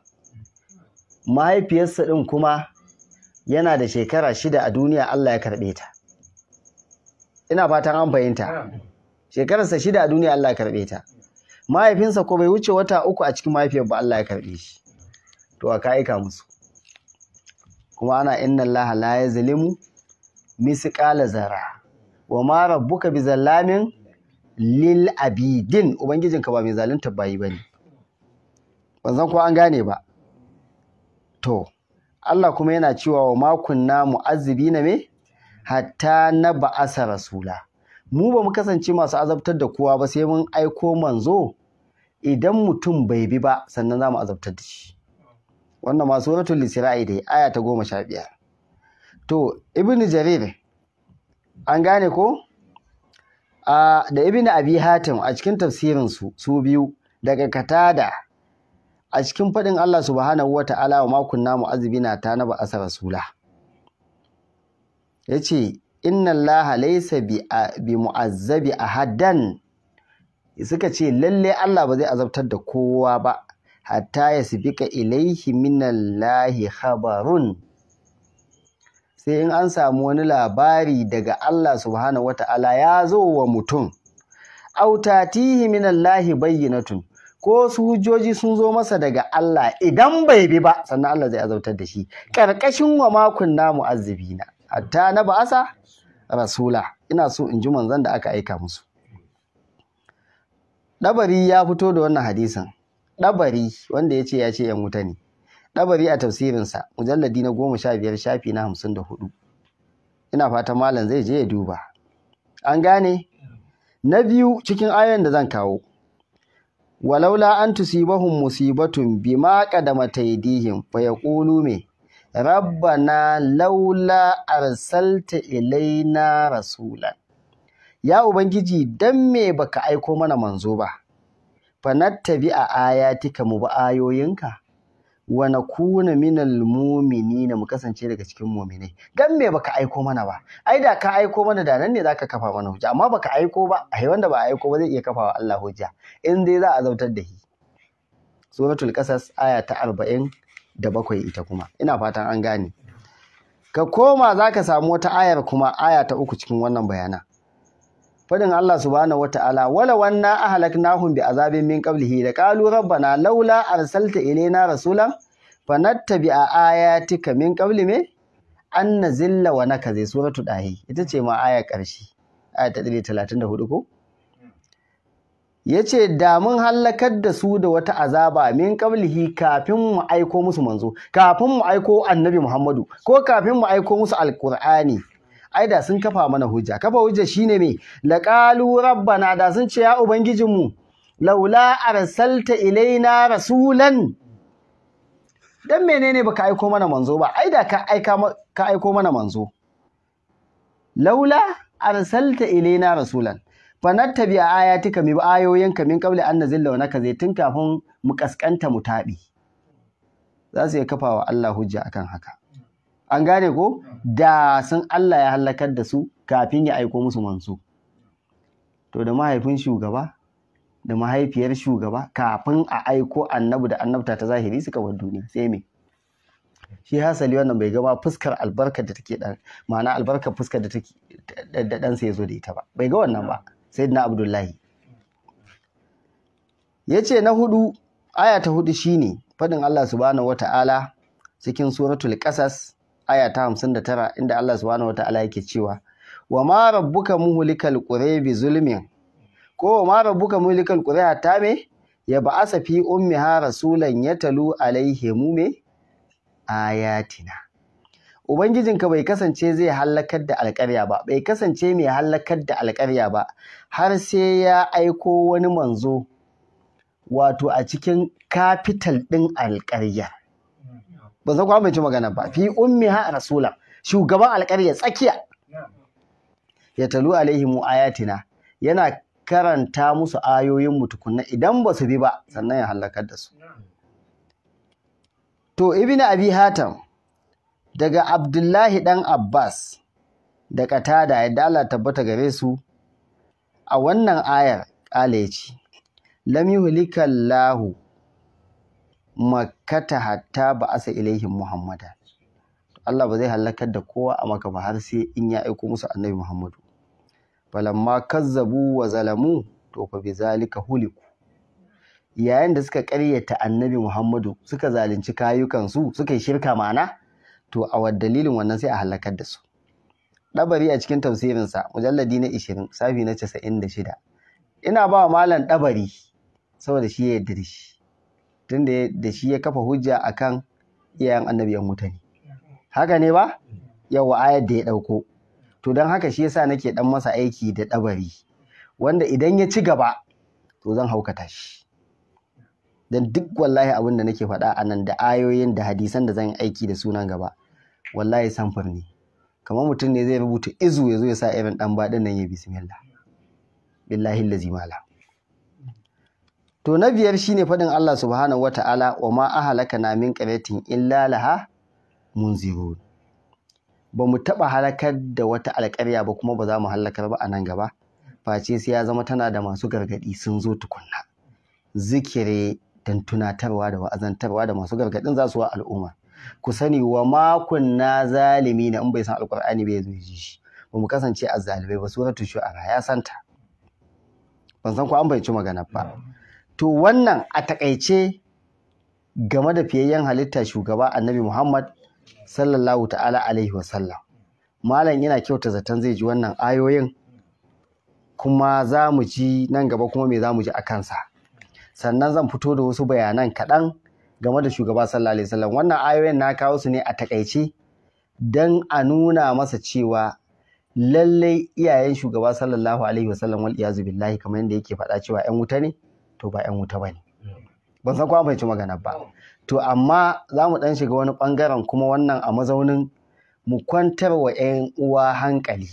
mahaifiyarsa din kuma yana da shekara shida a duniya Allah ya karɓe ta ina fatan an fahimta shekararsa shida a duniya Allah ya karɓe ta mahaifinsa ko bai wuce wata uku a cikin mahaifiyar ba Allah ya karɓe shi to a ka'ika musu kuma ana inna allaha la ya zalimu misqala zara wa ma rabbuka bizallamin lil abidin ubangijinka ba mai zalunta bayi bane ban ko an gane ba to Allah kuma yana cewa wa makunna mu'azzibina me hatta na ba'asa rasula mu ba mu kasance masu azabtar da kowa ba sai mun aiko manzo idan mutum bai bi ba sannan za mu azabtar da shi wannan ma suratul isra'i dai aya ta goma sha biyar to ibn jarir an gane ko a da ibn abi hatim a cikin tafsirin su su biyu daga katada a cikin faɗin Allah subhanahu wa ta'ala wa makon namu azbina ta na ba'asa rasula yace ce inna laysa laisa bi mu'azzabi ahadan suka ce lalle Allah ba zai azabtar da kowa ba hatta ya sibika ilaihi minallahi khabarun sai in an samu wani labari daga Allah subhanahu wata'ala ya zo wa mutum autatihi minallahi bayyinatun ko su hujjoji sun zo masa daga Allah idan bai bi ba sannan Allah zai azautar da shi karkashin wa makun namu azzibina hatta na ba'asa rasula ina so in ji manzon da aka aika musu dabari ya fito da wannan hadisin ɗabari wanda ya ce ya ce ‘yan wuta ne ɗabari a tafsirinsa mujalladi na goma sha biyar shafi na hamsin da hudu ina fata malam zai je ya duba an gane na biyu cikin ayoyin da zan kawo walaula an tusibahun musibatun bima da mataidihin! fa ƙulu me rabbana laula arsalta ilaina rasulan ya ubangiji don me baka aiko mana manzo ba a ayatika mu bi ayoyinka wa nakuna minal mu'minina mu kasance daga cikin mu'minai dan me baka aiko mana ba ai da ka aiko mana da nan ne zaka kafa mana hujja amma baka aiko ba ai wanda ba aiko ba zai iya kafa wa Allah hujja in dai za a zautar da shi suratul qasas aya ta 47 ita kuma ina fatan an gane ka koma zaka samu wata ayar kuma aya ta uku cikin wannan bayanan fadin Allah subhanahu wata'ala wala wanna ahlaknahum bi azabin min qablihi da qalu rabbana laula arsalta ilaina rasulan fanattabi'a ayatika min qabli me an nazilla wa nakaze suratu dahi ita ce ma aya karshe aya ta 34 ko yace da mun hallakar da su da wata azaba min qablihi kafin mu aiko musu manzo kafin mu aiko annabi Muhammadu ko kafin mu aiko musu alqur'ani ai da sun kafa mana hujja kafa hujja shine me laqalu rabbana da sun ce ya ubangijinmu laula arsalta ilaina rasulan dan menene baka aiko mana manzo ba ai da ka aika ka aiko mana manzo laula arsalta ilaina rasulan fanattabi a ayatika mi ayoyinka min qabli an nazilla wa zai tun kafin mu kaskanta mu taɓi. za su iya kafa wa Allah hujja akan haka an gane ko da sun Allah ya halakar da su kafin ya aiko musu manzo to da mahaifin shugaba da mahaifiyar shugaba kafin a aiko annabi da annabta ta zahiri suka bar duniya sai me shi hasali wannan bai gama fuskar albarka da take dan ma'ana albarka fuskar da take da dan sai zo da ita ba bai ga wannan ba sayyidina abdullahi yace na hudu aya ta hudu shine fadin Allah subhanahu wataala cikin suratul qasas aya ta 59 inda Allah subhanahu wataala yake cewa wa ma rabbuka muhlikal qura bi zulmin ko wa ma rabbuka muhlikal qura ta me ya ba'asa fi ha rasulan yatalu alaihim me ayatina ubangijinka bai kasance zai hallakar da alƙarya ba bai kasance mai hallakar da alƙarya ba har sai ya aiko wani manzo wato a cikin kafital ɗin alƙaryar ba za ku amince magana ba fi ha rasula shugaban alƙarya tsakiya ya talu alaihi mu ayatina yana karanta musu ayoyin mu tukunna idan ba su bi ba sannan ya halakar da su to ibnu abi hatam daga abdullahi dan abbas da katada yadda Allah tabbata gare su a wannan ayar kale ce lam yuhlikallahu makkata hatta ba asa ilaihim muhammada Allah ba zai halakar da kowa a maka ba har sai in ya aiko musu annabi muhammadu falamma kazzabu wa zalamu to fa bi zalika huliku yayin da suka ƙaryata annabi muhammadu suka zalunci kayukansu suka yi shirka mana to a wa dalilin wannan sai a halakar da su ɗabari a cikin tafsirinsa mujalladi na 20 safi na 96 ina ba malam ɗabari saboda shi ya yarda da shi Tun da shi ya kafa hujja akan iyayen annabi mutane, wuta ne haka ne ba yawa ayar da ya ɗauko to don haka shi yasa nake ɗan masa aiki da ɗabari wanda idan ya ci gaba to zan haukata shi don duk wallahi abin da nake faɗa a nan da ayoyin da hadisan da zan aiki da sunan gaba wallahi samfur ne kamar mutum ne zai rubuta izu ya zo ya sa irin ɗan baɗin nan ya bismillah billahi lazimala to na biyar shine faɗin Allah subhanahu wata'ala wa ma ahalaka na min qaryatin illa laha munzirun ba mu taɓa halakar da wata alƙarya ba kuma ba za mu halakar ba a nan gaba face sai ya zama tana da masu gargadi sun zo tukunna zikire don da wa'azantarwa da masu gargaɗin za su wa al'umma ku sani wa makunna kunna na in bai san alƙur'ani bai zo ji shi ba mu kasance a zalibai ba suratul shu'ara ya santa ban san ko an bai ci magana ba to wannan a takaice game da fiyayyen halitta shugaba annabi Muhammad sallallahu ta'ala alaihi wasallam malam yana kyauta zaton zai ji wannan ayoyin kuma za mu ji nan gaba kuma me za mu ji a kansa sannan zan fito da wasu bayanan kaɗan game da shugaba sallallahu alaihi wasallam wannan ayoyin na kawo su ne a takaice don a nuna masa cewa lallai iyayen shugaba sallallahu alaihi wasallam wal iyazu billahi kamar yadda yake faɗa cewa 'yan wuta ne to ba 'yan wuta ba ne mm. ban san kuma bai ci magana ba to amma za mu ɗan shiga wani bangaren kuma wannan a mazaunin mu kwantar wa 'yan uwa hankali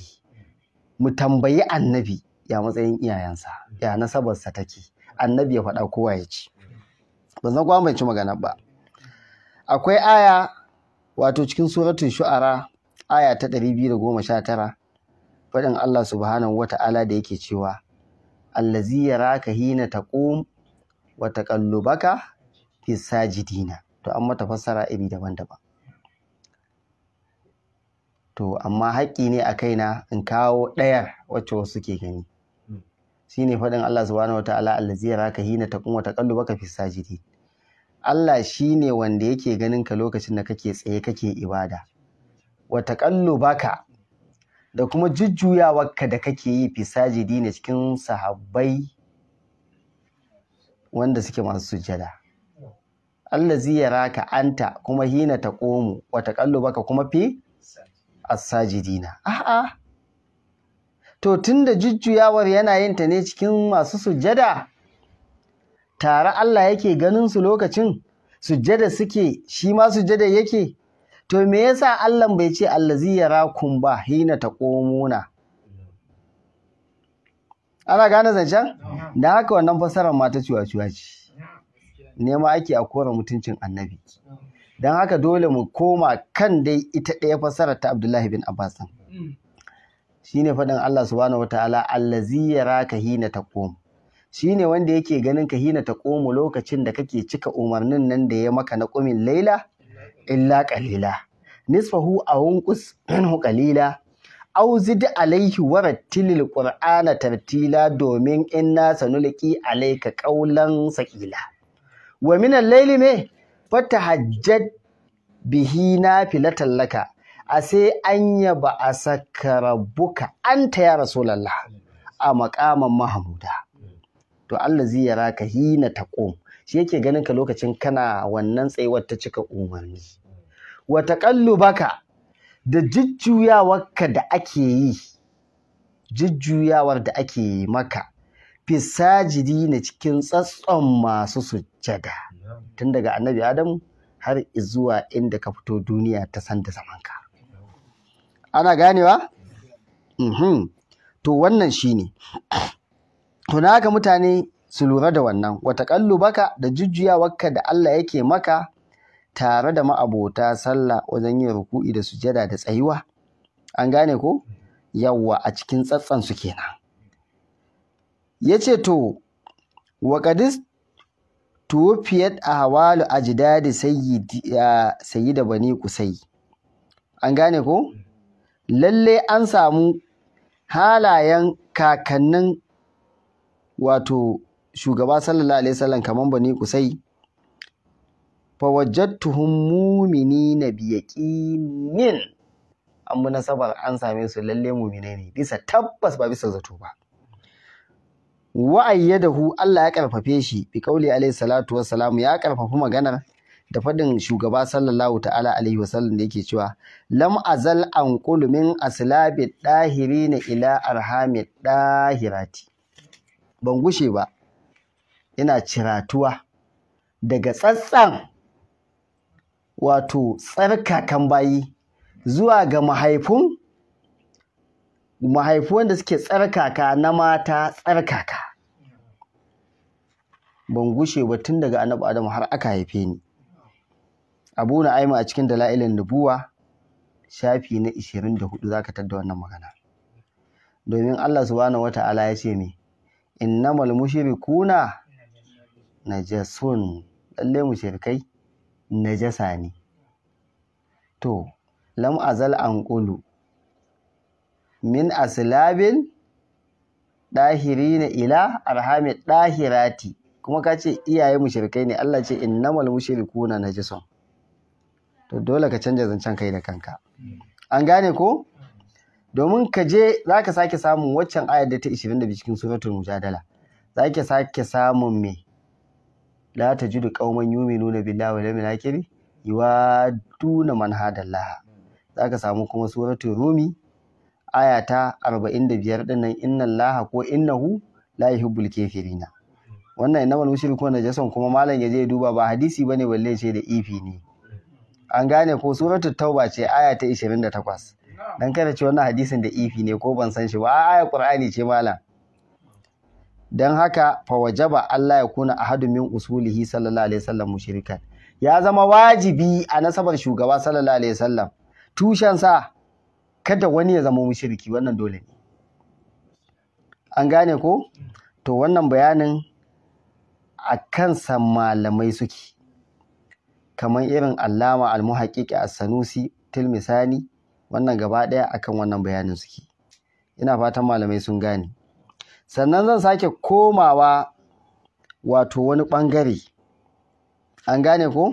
mu tambayi annabi ya matsayin iyayensa ya nasabarsa take annabi ya faɗa kowa ya ci ban san kuma bai ci magana ba akwai aya wato cikin suratul shu'ara aya ta 219 faɗin Allah subhanahu wata'ala da yake cewa allazi yaraka hina taqum wa taqallubaka fi sajidina to an mata fassara iri daban-daban to amma haƙƙi ne a kaina in kawo ɗayar wacce wasu ke gani hmm. shine faɗin Allah subhanahu wataala allazi yaraka hina taqum wa taqallubaka fi sajidin Allah shine wanda yake ganin ka lokacin da kake tsaye kake ibada wa taqallubaka da kuma jujjuyawarka da kake yi fi ne cikin sahabbai wanda suke masu sujjada allazi ka anta kuma hina ta wata kallo baka kuma fi asajidina a'a to tunda jujjuyawar yana yin ta ne cikin masu sujjada tare Allah yake ganin su lokacin sujjada suke shi ma sujjada yake to me yasa Allah bai ce allazi kun ba hina ta komuna? ana gane zancen da haka wannan fasarar mata cewa ciwa ce nema ake a kora mutuncin annabi don haka dole mu koma kan dai ita ɗaya fasarar ta abdullahi bin abbas Shi ne faɗin allah subhanahu wa ta'ala allazi ka hina Shi ne wanda yake ganin ka hina ta komu lokacin da kake cika umarnin nan da ya maka na ƙumin laila illa ƙalila, nisfahu aw unqus minhu qalila aw zid alayhi wa rattilil qur'ana tartila domin inna sanulqi alayka qawlan saƙila. wa min al-layli me fatahajjad bihi nafilatan laka ase anya ba asaka rabbuka anta ya rasulullah a maqaman mahmuda to allazi yaraka hina taqum shi yake ganin ka lokacin kana wannan tsayuwar ta cika umarni wa taqallubaka da jujjuyawarka da ake yi jujjuyawar da ake yi maka fisajiri na cikin tsatson masu sujjada tun daga annabi adam har zuwa inda ka fito duniya ta san da zamanka ana ganewa mhm. to wannan shine to na mutane su lura da wannan wata baka da jujjuyawarka da Allah yake maka tare da ma'abota sallah wajen yin ruku'i da sujada da tsayuwa an gane ko yawwa a cikin tsatsan su kenan yace to wa qadis tuwfiyat ahwalu ajdadi sayyidi sayyida bani kusai an gane ko lalle an samu halayen kakannin wato shugaba sallallahu alaihi wasallam kaman bani kusai fa wajadtuhum mu'minina bi yaqinin an mu nasabar an same su lalle mu'minai ne bisa tabbas ba bisa zato ba wa ayyadahu Allah ya karfafe shi bi kauli alaihi salatu wassalam ya karfafi maganar da fadin shugaba sallallahu ta'ala alaihi wasallam da yake cewa lam azal an min aslabi dahirina ila arhami dahirati ban gushe ba yana ciratuwa daga tsatsan wato tsarkakan bayi zuwa ga mahaifun mahaifu wanda suke tsarkaka na mata tsarkaka ban gushe ba tun daga annabi adamu har aka haife ni abu na aima a cikin dala'ilin nubuwa shafi na 24 zaka tadda wannan magana domin Allah wata ala ya ce me innamal mushrikuna najasun lalle mushrikai najasa ne to lam azal min aslabil dahirina ila arhami ɗahirati. kuma ka ce iyaye mushrikai ne Allah ce innamal na najasun to dole ka canja zancen kai da kanka an gane ko domin ka je za ka sake samun waccan ayar da ta 22 cikin suratul mujadala za ka sake samun me la tajidu qauman yu'minuna billahi wal yawmil akhir yuwaduna man hadallah zaka samu kuma suratul rumi aya ta 45 din nan Laha ko innahu la yuhibbul kafirina wannan ina innamal mushrikuuna najasun kuma malam yaje duba ba hadisi bane balle ce da ifi ne an gane ko suratul tauba ce aya ta 28 dan kada ce wannan hadisin da ifi ne ko ban san shi ba aya qur'ani ce malam don haka fa ba Allah ya kuna a min usulihi sallallahu alaihi wasallam mushrikan ya zama wajibi a nasabar shugaba sallallahu alaihi wasallam tushen sa kada wani ya zama mushriki wannan dole ne an gane ko to wannan bayanin a kansa malamai suke kamar irin allama almuhaƙiƙi as-sanusi tilmisani wannan gaba ɗaya akan wannan bayanin suke ina fatan malamai sun gane sannan zan sake komawa wato wani ɓangare an gane ko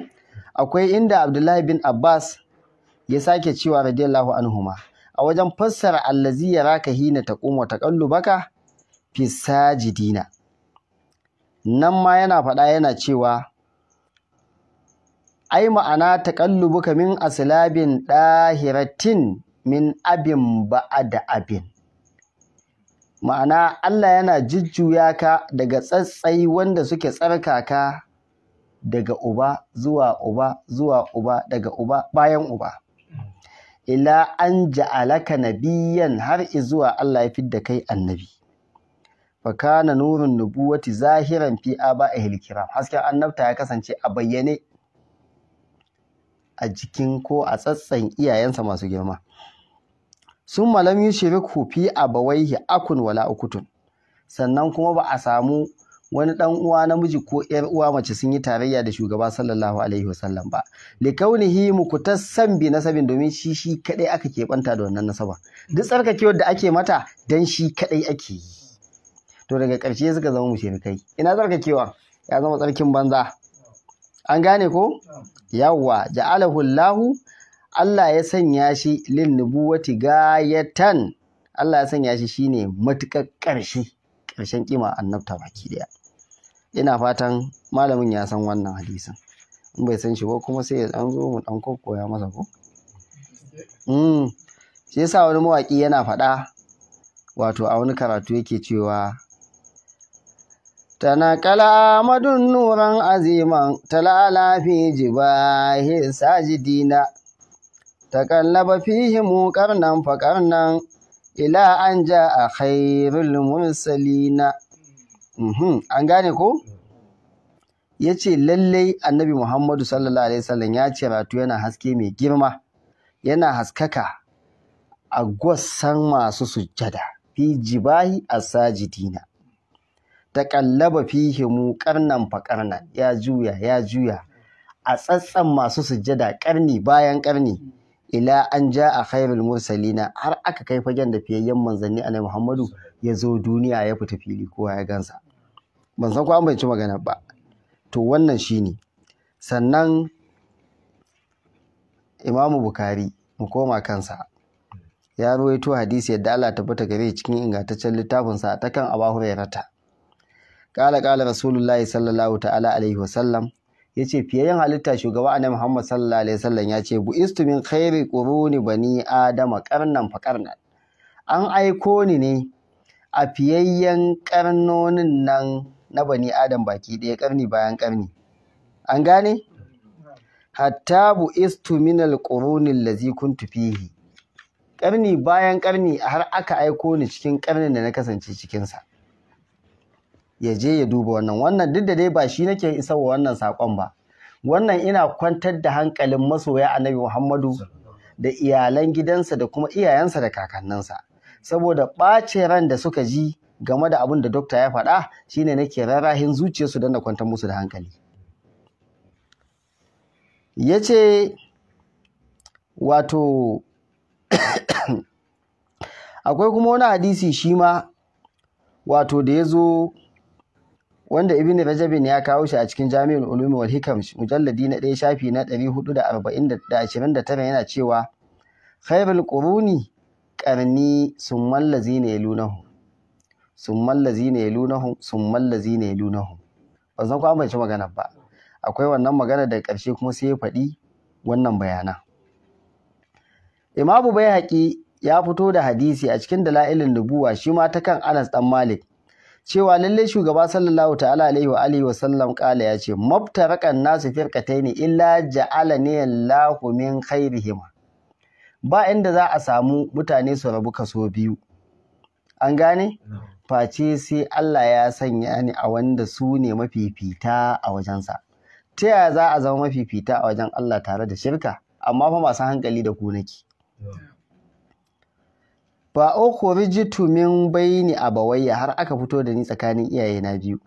akwai inda abdullahi bin abbas ya sake cewa radiyallahu anhuma a wajen fassara allazi raka hina ta kuma ta baka fi sajidina nan ma yana faɗa yana cewa ai ma'ana taƙallubuka min asilabin ɗahiratin min abin ba'ada abin ma'ana Allah yana jujjuya ka daga tsatsai wanda suke tsarkaka daga uba zuwa uba zuwa uba daga uba bayan uba ila an ja'alaka nabiyan har zuwa Allah ya fidda kai annabi fa kana nurun nubuwati zahiran fi ahli kiram hasken annabta ya kasance a bayyane a jikin ko a tsatsan iyayensa masu girma summa lam yushrikhu a bawaihi akun wala ukutun sannan kuma ba a samu wani dan uwa namiji ko yar uwa mace sun yi tarayya da shugaba sallallahu alaihi wasallam ba likaunihi mukutassan bi nasabin domin shi shi kadai aka keɓanta da wannan nasaba duk tsarkakewar da ake mata dan shi kadai ake yi to daga karshe suka zama mushrikai ina tsarkakewa ya zama tsarkin banza an gane ko yawwa ja'alahu Allahu Allah ya sanya shi lin nubuwati gayatan Allah ya sanya shi shine matuƙar ƙarshe ƙarshen kima annabta baki daya ina fatan malamin ya san wannan hadisin in bai san shi ba kuma sai ya dan zo mu dan kokkoya masa ko mm shi yasa wani mawaki yana faɗa wato a wani karatu yake cewa تنقل آمد نورا عظيما تلالى في جباه ساجدين تقلب فيهم قرنا فقرنا إلى أن جاء خير المرسلين an gane ko ya ce lallai annabi muhammadu sallallahu alaihi ya ce ratu yana haske mai girma yana haskaka a gwasan masu sujjada fi jibahi asajidina ta kallaba fihi mu karnan ya juya ya juya a tsatsan masu sujada karni bayan ƙarni. ila an ja a khairul mursalina har aka kai fagen da fiyayyen manzanni annabi Muhammadu ya zo duniya ya fita fili kowa ya gansa ban san ko an ci magana ba to wannan shi ne. sannan Imamu Bukhari mu koma kansa ya ruwaito hadisi yadda Allah tabbata gare cikin ingantaccen littafinsa ta kan Abu Hurairata qala qala sallallahu ta'ala alaihi wasallam ya ce fiyayyen halitta shugaba na Muhammad sallallahu alaihi wasallam ya ce bu'istu min khairi quruni bani adama karnan fa karnan an aiko ni ne a fiyayyen karnonin nan na bani adam baki ɗaya karni bayan karni an gane hatta bu'istu min alquruni allazi kuntu fihi karni bayan karni har aka aiko ni cikin karnin da na kasance cikinsa ya je ya duba wannan wannan duk da dai ba shi nake isa wa wannan sakon ba wannan ina kwantar da hankalin masoya annabi Muhammadu da iyalan gidansa da kuma iyayensa da kakanninsa saboda ɓace ran da suka ji game da abin da dokta ya faɗa shine nake rarrahin zuciyarsu don na kwantar musu da hankali ya ce wato akwai kuma wani hadisi shi ma wato da ya zo wanda ibn rajabin ya kawo shi a cikin jami'ul ulumi wal hikam mujalladi na ɗaya shafi na ɗari tara yana cewa khairul quruni qarni summal lazina yalunahu summal lunahu. yalunahu summal lazina yalunahu ba zan kwa ci magana ba akwai wannan magana da ƙarshe kuma sai ya faɗi wannan bayana imamu bai haƙi ya fito da hadisi a cikin dala'ilin Dubuwa shi ma ta kan anas ɗan malik cewa lalle shugaba sallallahu ta'ala alaihi wa alihi wa sallam kala ya ce mabtarakan nasu firqataini illa ja'alani Allahu min khairihim ba inda za a samu mutane su rabu kaso biyu an gane face sai Allah ya sanya ni a wanda su ne mafifita a wajensa ta yaya za a zama mafifita a wajen Allah tare da shirka amma fa masu hankali da ku nake Ba fa ukhrijtu min baini abawayya har aka fito da ni tsakanin iyaye na biyu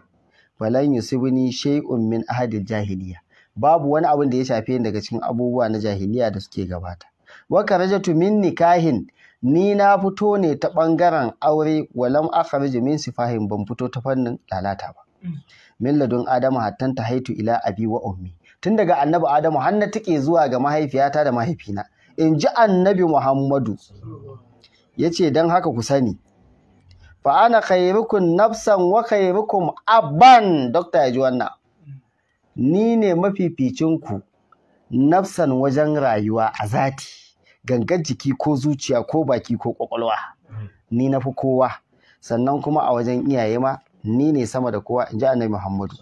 walan yusibni shay'un min ahadil jahiliya babu wani abin da ya shafe ni daga cikin abubuwa na jahiliya da suke gabata wa karajatu min nikahin ni na fito ne ta bangaren aure walam akhrij min sifahin ban fito ta fannin lalata ba min ladun adamu ta haitu ila abi wa ummi tun daga annabi adamu har na tike zuwa ga mahaifiyata da mahaifina in ji annabi muhammadu ya ce don haka ku sani fa ana khairukum nafsan wa khairukum abban dokta ya ji wannan ni ne mafificinku nafsan wajen rayuwa a zati gangan jiki ko zuciya ko baki ko kwakwalwa ni na fi kowa sannan kuma a wajen iyaye ma ni ne sama da kowa in ji annabi muhammadu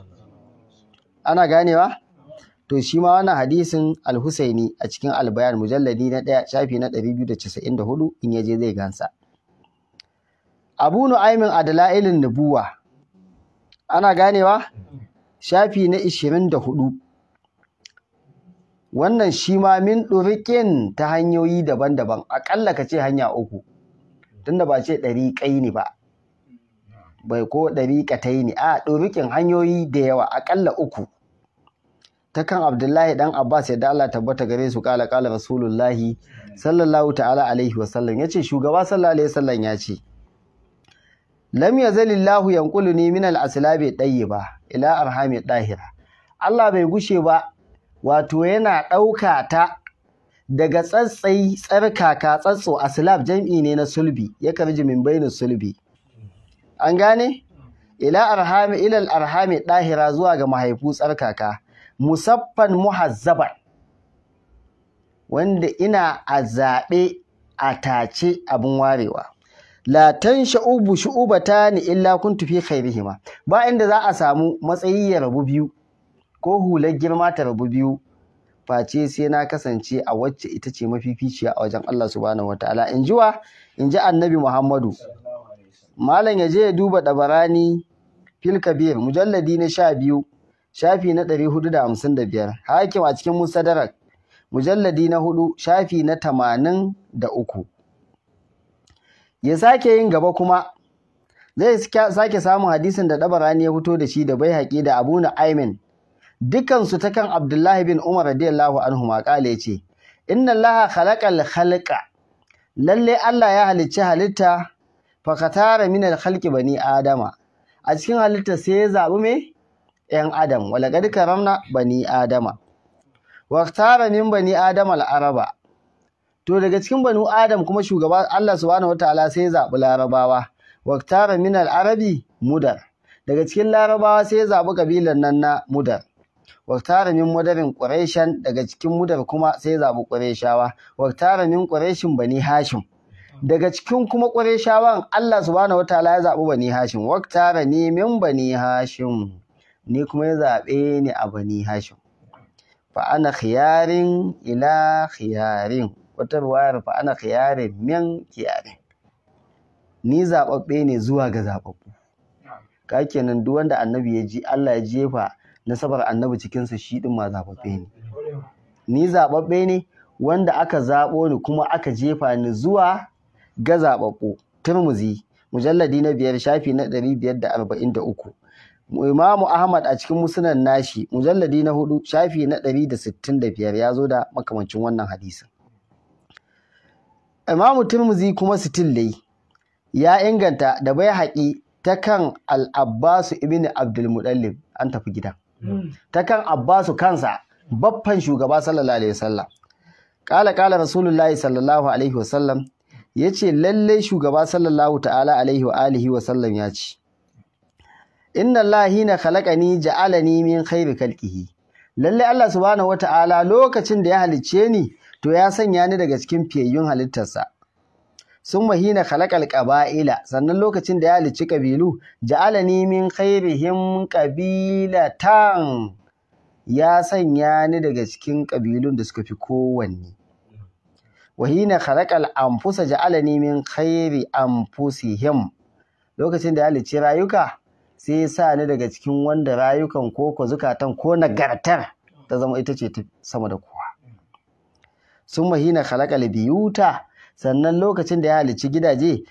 ana ganewa to shi ma wannan hadisin al-husaini a cikin albayar mujalladi na ɗaya shafi na 294 in ya je zai gansa abu nu'aimin a dala'ilin nubuwa ana ganewa shafi na 24 wannan shi ma min ɗurikin ta hanyoyi daban-daban aƙalla ka ce hanya uku tunda ba ce ƙai ne ba bai ko ƙatai ne a ɗurikin hanyoyi da yawa aƙalla uku ta kan abdullahi dan abbas ya Allah tabbata gare su kala kala rasulullahi sallallahu ta'ala alaihi wasallam yace shugaba sallallahu alaihi wasallam yace lam yazalillahu yanquluni min al-aslabi tayyiba ila arhami dahira Allah bai gushe ba wato yana ɗauka ta daga tsatsai tsarkaka tsatso aslab jam'i ne na sulbi ya karji min bainu sulbi an gane ila arhami ila al-arhami dahira zuwa ga mahaifu tsarkaka musaffan muhazzabar wanda ina a zaɓe a tace abin warewa la ta ni illa kun tufi khairihima ba inda za a samu matsayi ya rabu biyu ko hular girma ta rabu biyu face sai na kasance a wacce ita ce mafificiya a wajen Allah subhanahu wataala in jiwa in ji annabi Muhammadu malam ya je ya duba dabarani fil kabir mujalladi na sha biyu shafi na ɗari da biyar. hakim a cikin musadarak mujalladi na hudu shafi na 83 ya sake yin gaba kuma zai sake samun hadisin da dabarani ya fito da shi da bai haƙi da abu na aimin dukansu ta kan abdullahi bin umar radiyallahu anhu maƙala ya ce inna allaha khalaqal khalqa lalle allah ya halicci halitta fa fakatara min al khalqi bani adama a cikin halitta sai ya zaɓi me 'yan adam gadi karamna bani adama waktara min bani adam al'araba to daga cikin bani adam kuma shugaba Allah subhanahu ala sai zaɓi larabawa waktara min al'arabi mudar daga cikin larabawa sai zaɓi ƙabilan nan na mudar waktara min mudarin Ƙureshen daga cikin mudar kuma sai zaɓi Ƙureshawa, waktara min Ƙureshin bani hashim daga cikin kuma Ƙureshawan Allah subhanahu ala ya zaɓi bani hashim waktara ni min bani hashim ni kuma ya zaɓe ni a bani hashim fa ana khiyarin ila khiyarin wata ruwayar fa ana khiyarin min khiyarin ni zaɓaɓɓe ne zuwa ga zaɓaɓɓu ka kenan duk wanda annabi ya ji Allah ya jefa nasabar annabi cikinsa shi ɗin ma zaɓaɓɓe ne ni zaɓaɓɓe ne wanda aka zaɓo ni kuma aka jefa ni zuwa ga zaɓaɓɓu turmuzi mujalladi na biyar shafi na ɗari biyar da arba'in da uku Imamu Ahmad a cikin musnad nashi mujalladi na hudu shafi na ɗari da da sittin biyar, ya zo da makamancin wannan hadisin. Imamu Tirmidhi kuma sitillai ya inganta da bai haƙi ta kan Al-Abbasu ibn an tafi gida. Hmm. Ta kan Abbasu kansa baffan shugaba sallallahu alaihi wasallam. Kala kala Rasulullahi sallallahu alaihi wasallam ce lallai shugaba sallallahu ta'ala alaihi wa alihi ya ce inna allahi na khalaqani ja'alani min khairi khalqihi lalle Allah subhanahu wata'ala lokacin da ya halicce ni to ya sanya ni daga cikin fiyayyun halittarsa sun mahina khalaqal qaba'ila sannan lokacin da ya halicci kabilu ja'alani min khairihim qabilatan ya sanya ni daga cikin kabilun da suka fi kowanne wahina khalaqal anfusa ja'alani min khairi anfusihim lokacin da ya halicce rayuka sai ya sa ni daga cikin wanda rayukan ko ko zukatan ko nagartar ta zama ita ce ta sama da kowa sun mahina khalaqal ta? sannan lokacin da ya halicci gidaje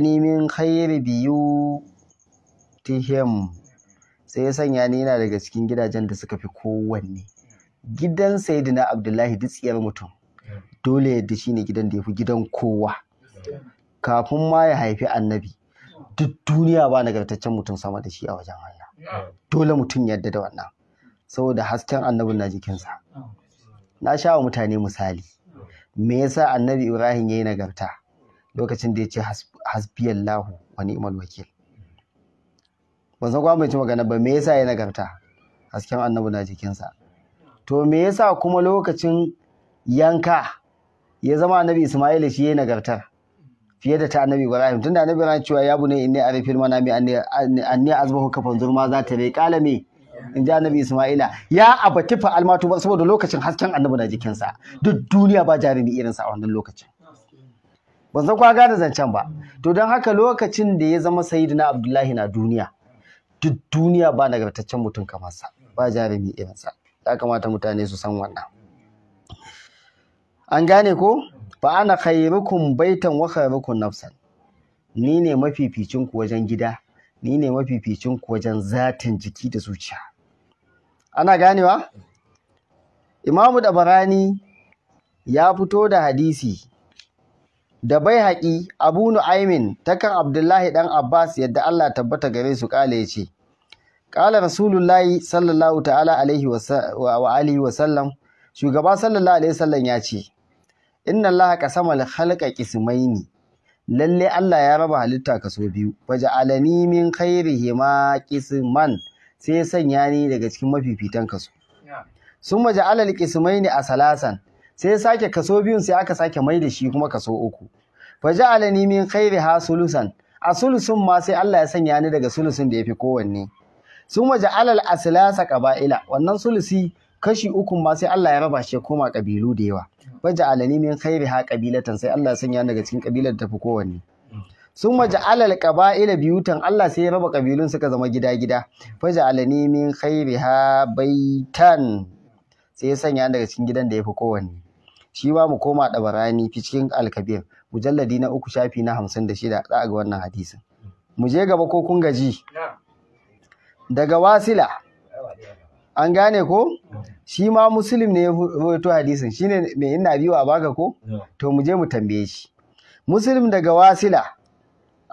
ne min khairi biyu tihim sai ya sanya ni yana daga cikin gidajen da suka fi kowanne gidan sayyidina abdullahi dutsiyar mutum dole yadda shine gidan da ya fi gidan kowa kafin ma ya haifi annabi duk duniya ba nagartaccen mutum sama da shi a wajen hanya dole mutum yadda da wannan saboda hasken annabin na jikinsa na sha wa mutane misali me yasa annabi Ibrahim ya yi nagarta lokacin da ya ce lahu wa ni'mal wakil ban san kuma ci magana ba me yasa ya nagarta hasken annabi na jikinsa to me yasa kuma lokacin yanka ya zama annabi Isma'il shi yi nagartar fiye da ta annabi Ibrahim tunda annabi Ibrahim cewa ya bune inni arifil manami anni azbahu kafan zurma za ta rai kala in ji annabi Isma'ila ya abati fa almatu ba saboda lokacin hasken annabi na jikinsa duk duniya ba jarumi irinsa a wannan lokacin ban san kwa gane zancen ba to don haka lokacin da ya zama sayyidina Abdullahi na duniya duk duniya ba nagartaccen mutum kamar sa ba jarumi irinsa ya kamata mutane su san wannan an gane ko fa ana khairukum baitan wa khairukum nafsan ni ne mafificin ku wajen gida ni ne mafificin ku wajen zatin jiki da zuciya ana ganewa imamu da Barani ya fito da hadisi da bai haƙi abu nu'aimin kan abdullahi ɗan abbas yadda allah tabbata gare su ƙala ya ce ƙala rasulullahi sallallahu ta'ala alaihi wa alihi wa sallam shugaba sallallahu alaihi wa sallam ya ce inna allaha qasama halka khalqa qismaini lalle Allah ya raba halitta kaso biyu Waje alani min khairihima qisman sai sanya ni daga cikin mafifitan kaso sun waja'ala al a salasan sai sake kaso biyun sai aka sake mai da shi kuma kaso uku Waje alani min ha sulusan a sulusun ma sai Allah ya sanya ni daga sulusun da ya fi kowanne sun waje alal asalasa qaba'ila wannan sulusi kashi ukun ma sai Allah ya raba shi ya koma kabilu da yawa alani min ha qabilatan sai Allah ya sanya daga cikin kabilar da tafi kowanne sun alal alqaba'ila biyutan Allah sai ya raba kabilun suka zama gida-gida alani min ha baitan sai ya sanya daga cikin gidan da yafi kowanne shi ma mu koma dabarani fi cikin alkabir mujalladi na uku shafi na hamsin da shida za a ga wannan hadisin mu je gaba ko kun gaji daga wasila an gane ko shi ma muslim ne ya to hadisin ne mai ina biyu a baka ko to mu je mu tambaye shi muslim daga wasila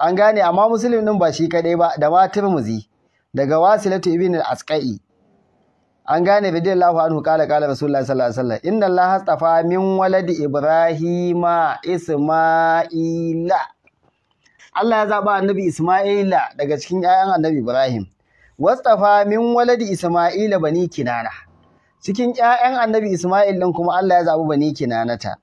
an gane amma muslim din ba shi kadai ba da ma muzi daga wasilatu ibn al-asqai an gane radiyallahu anhu kala kala rasulullah sallallahu alaihi wasallam inna allah astafa min waladi ibrahima isma'ila Allah ya zaba annabi Isma'ila daga cikin 'ya'yan annabi Ibrahim wastafa min waladi Isma'ila bani Kinana cikin ƴaƴan Annabi Isma'il din kuma Allah ya zabi bani Kinanata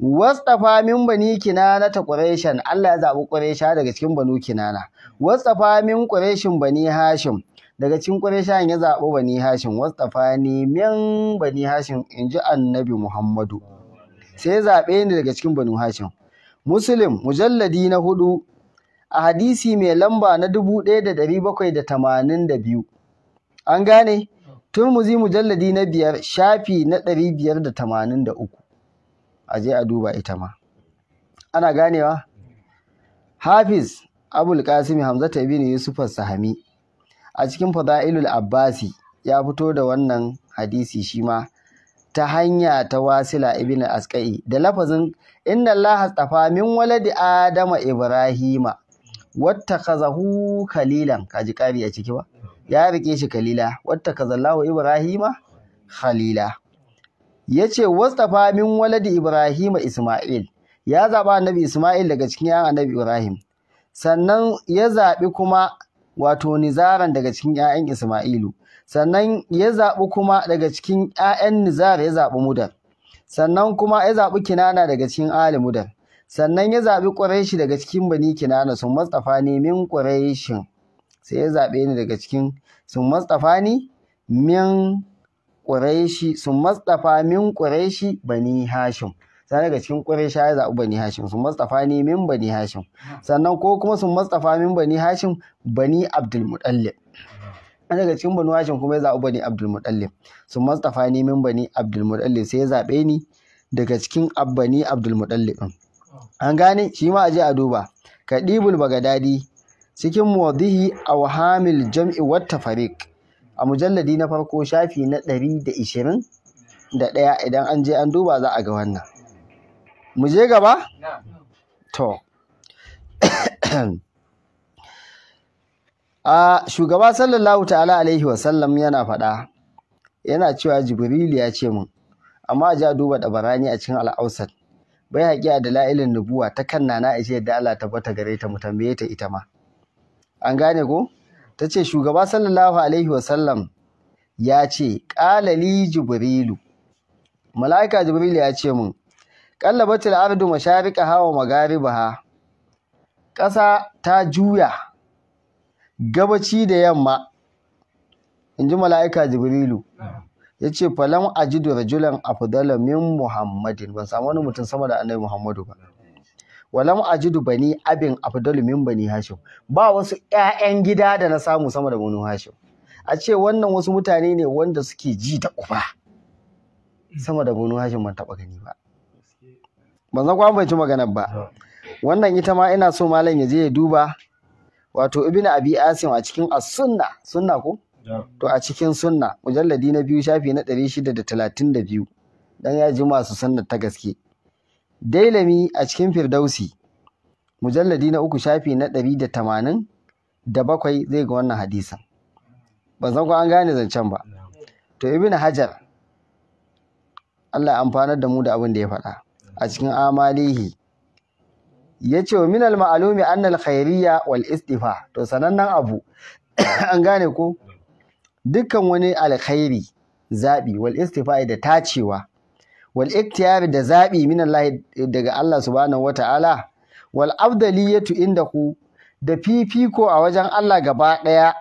wastafa min bani Kinanata Qurayshan Allah ya zabi Quraysha daga cikin banu Kinana wastafa min Qurayshin bani Hashim daga cikin Qurayshan ya zabi bani Hashim wastafa ni min bani Hashim inji Annabi Muhammadu sai zaɓe ni daga cikin banu Hashim Muslim mujalladi na hudu a hadisi mai lamba na 1782 an gane turmuzi mujalladi na biyar shafi na 583 a je a duba ita ma ana ganewa hafiz abul qasim hamzata ibn yusuf sahami a cikin fada'ilul abbasi ya fito da wannan hadisi shi ma ta hanya ta wasila ibn aska'i da lafazin inna allaha tafa min waladi adama ibrahima watta kazahu kalilan kaji ƙari a ciki ba ya rike shi kalila watta kazallahu ibrahima khalila ya ce wastafa min waladi ibrahima isma'il ya zaɓa annabi isma'il daga cikin ‘ya'yan annabi ibrahim sannan ya zaɓi kuma wato nizaran daga cikin ‘ya'yan isma'ilu sannan ya zaɓi kuma daga cikin ‘ya'yan nizar ya zaɓi mudar sannan kuma ya zaɓi kinana daga cikin ali mudar sannan ya zaɓi ƙuraishi daga cikin bani kinana sun matsafa ne min ƙuraishin sai ya zaɓe ni daga cikin sun matsafa ni min ƙuraishi sun matsafa min shi bani hashim sai daga cikin shi ya zaɓi bani hashim sun matsafa ni min bani hashim sannan ko kuma sun matsafa min bani hashim bani abdulmuɗallib daga cikin bani hashim kuma ya zaɓi bani abdulmuɗallib sun matsafa ni min bani abdulmuɗallib sai ya zaɓe ni daga cikin abbani abdulmuɗallib ɗin an gane shi ma aje a duba kadibul bagadadi cikin muwadihi a wahamil jam'i wata farik a mujalladi na farko shafi na 121 idan an je an duba za a ga wannan mu je gaba to a shugaba sallallahu ta'ala alaihi wasallam yana fada yana cewa jibril ya ce mun amma a ji a duba dabarani a cikin al'ausat Bayaƙi a Dala'ilin Nubuwa ta kan Nana Aisha yadda Allah tabbata gare ta mu tambaye ta ita ma. An gane ko? Ta ce shugaba sallallahu alaihi sallam ya ce ƙalali Jibrilu. Mala'ika Jibrilu ya ce mun ƙallabatul ardu masharika hawa magaribaha. Ƙasa ta juya gabaci da yamma. In ji mala'ika Jibrilu. ya ce falam ajidu rajulan afdala min muhammadin ban samu wani mutum sama da annabi muhammadu ba walam ajidu bani abin afdalu min bani hashim ba wasu ƴaƴan gida da na samu sama da banu hashim a ce wannan wasu mutane ne wanda suke ji da uba sama da banu hashim ban taɓa gani ba ban san kwan bai maganar ba wannan ita ma ina so malam ya je ya duba wato ibnu abi asim a cikin as-sunna sunna ko to a cikin sunna mujalladi na biyu shafi na ɗari shida da talatin da biyu don ya ji masu sannar ta gaske dailami a cikin firdausi mujalladi na uku shafi na ɗari da tamanin da bakwai zai ga wannan hadisan ban san ko an gane zancen ba to ibn hajar Allah amfanar da mu da abin da ya faɗa a cikin amalihi ya ce wa minal ma'alumi annal khairiyya wal istifa to sanannen abu an gane ko dukkan wani alkhairi zaɓi wal istifa'i da tacewa wal ikhtiyari da zaɓi min Allah daga Allah subhanahu wata'ala wal afdaliyatu ku da fifiko a wajen Allah gaba ɗaya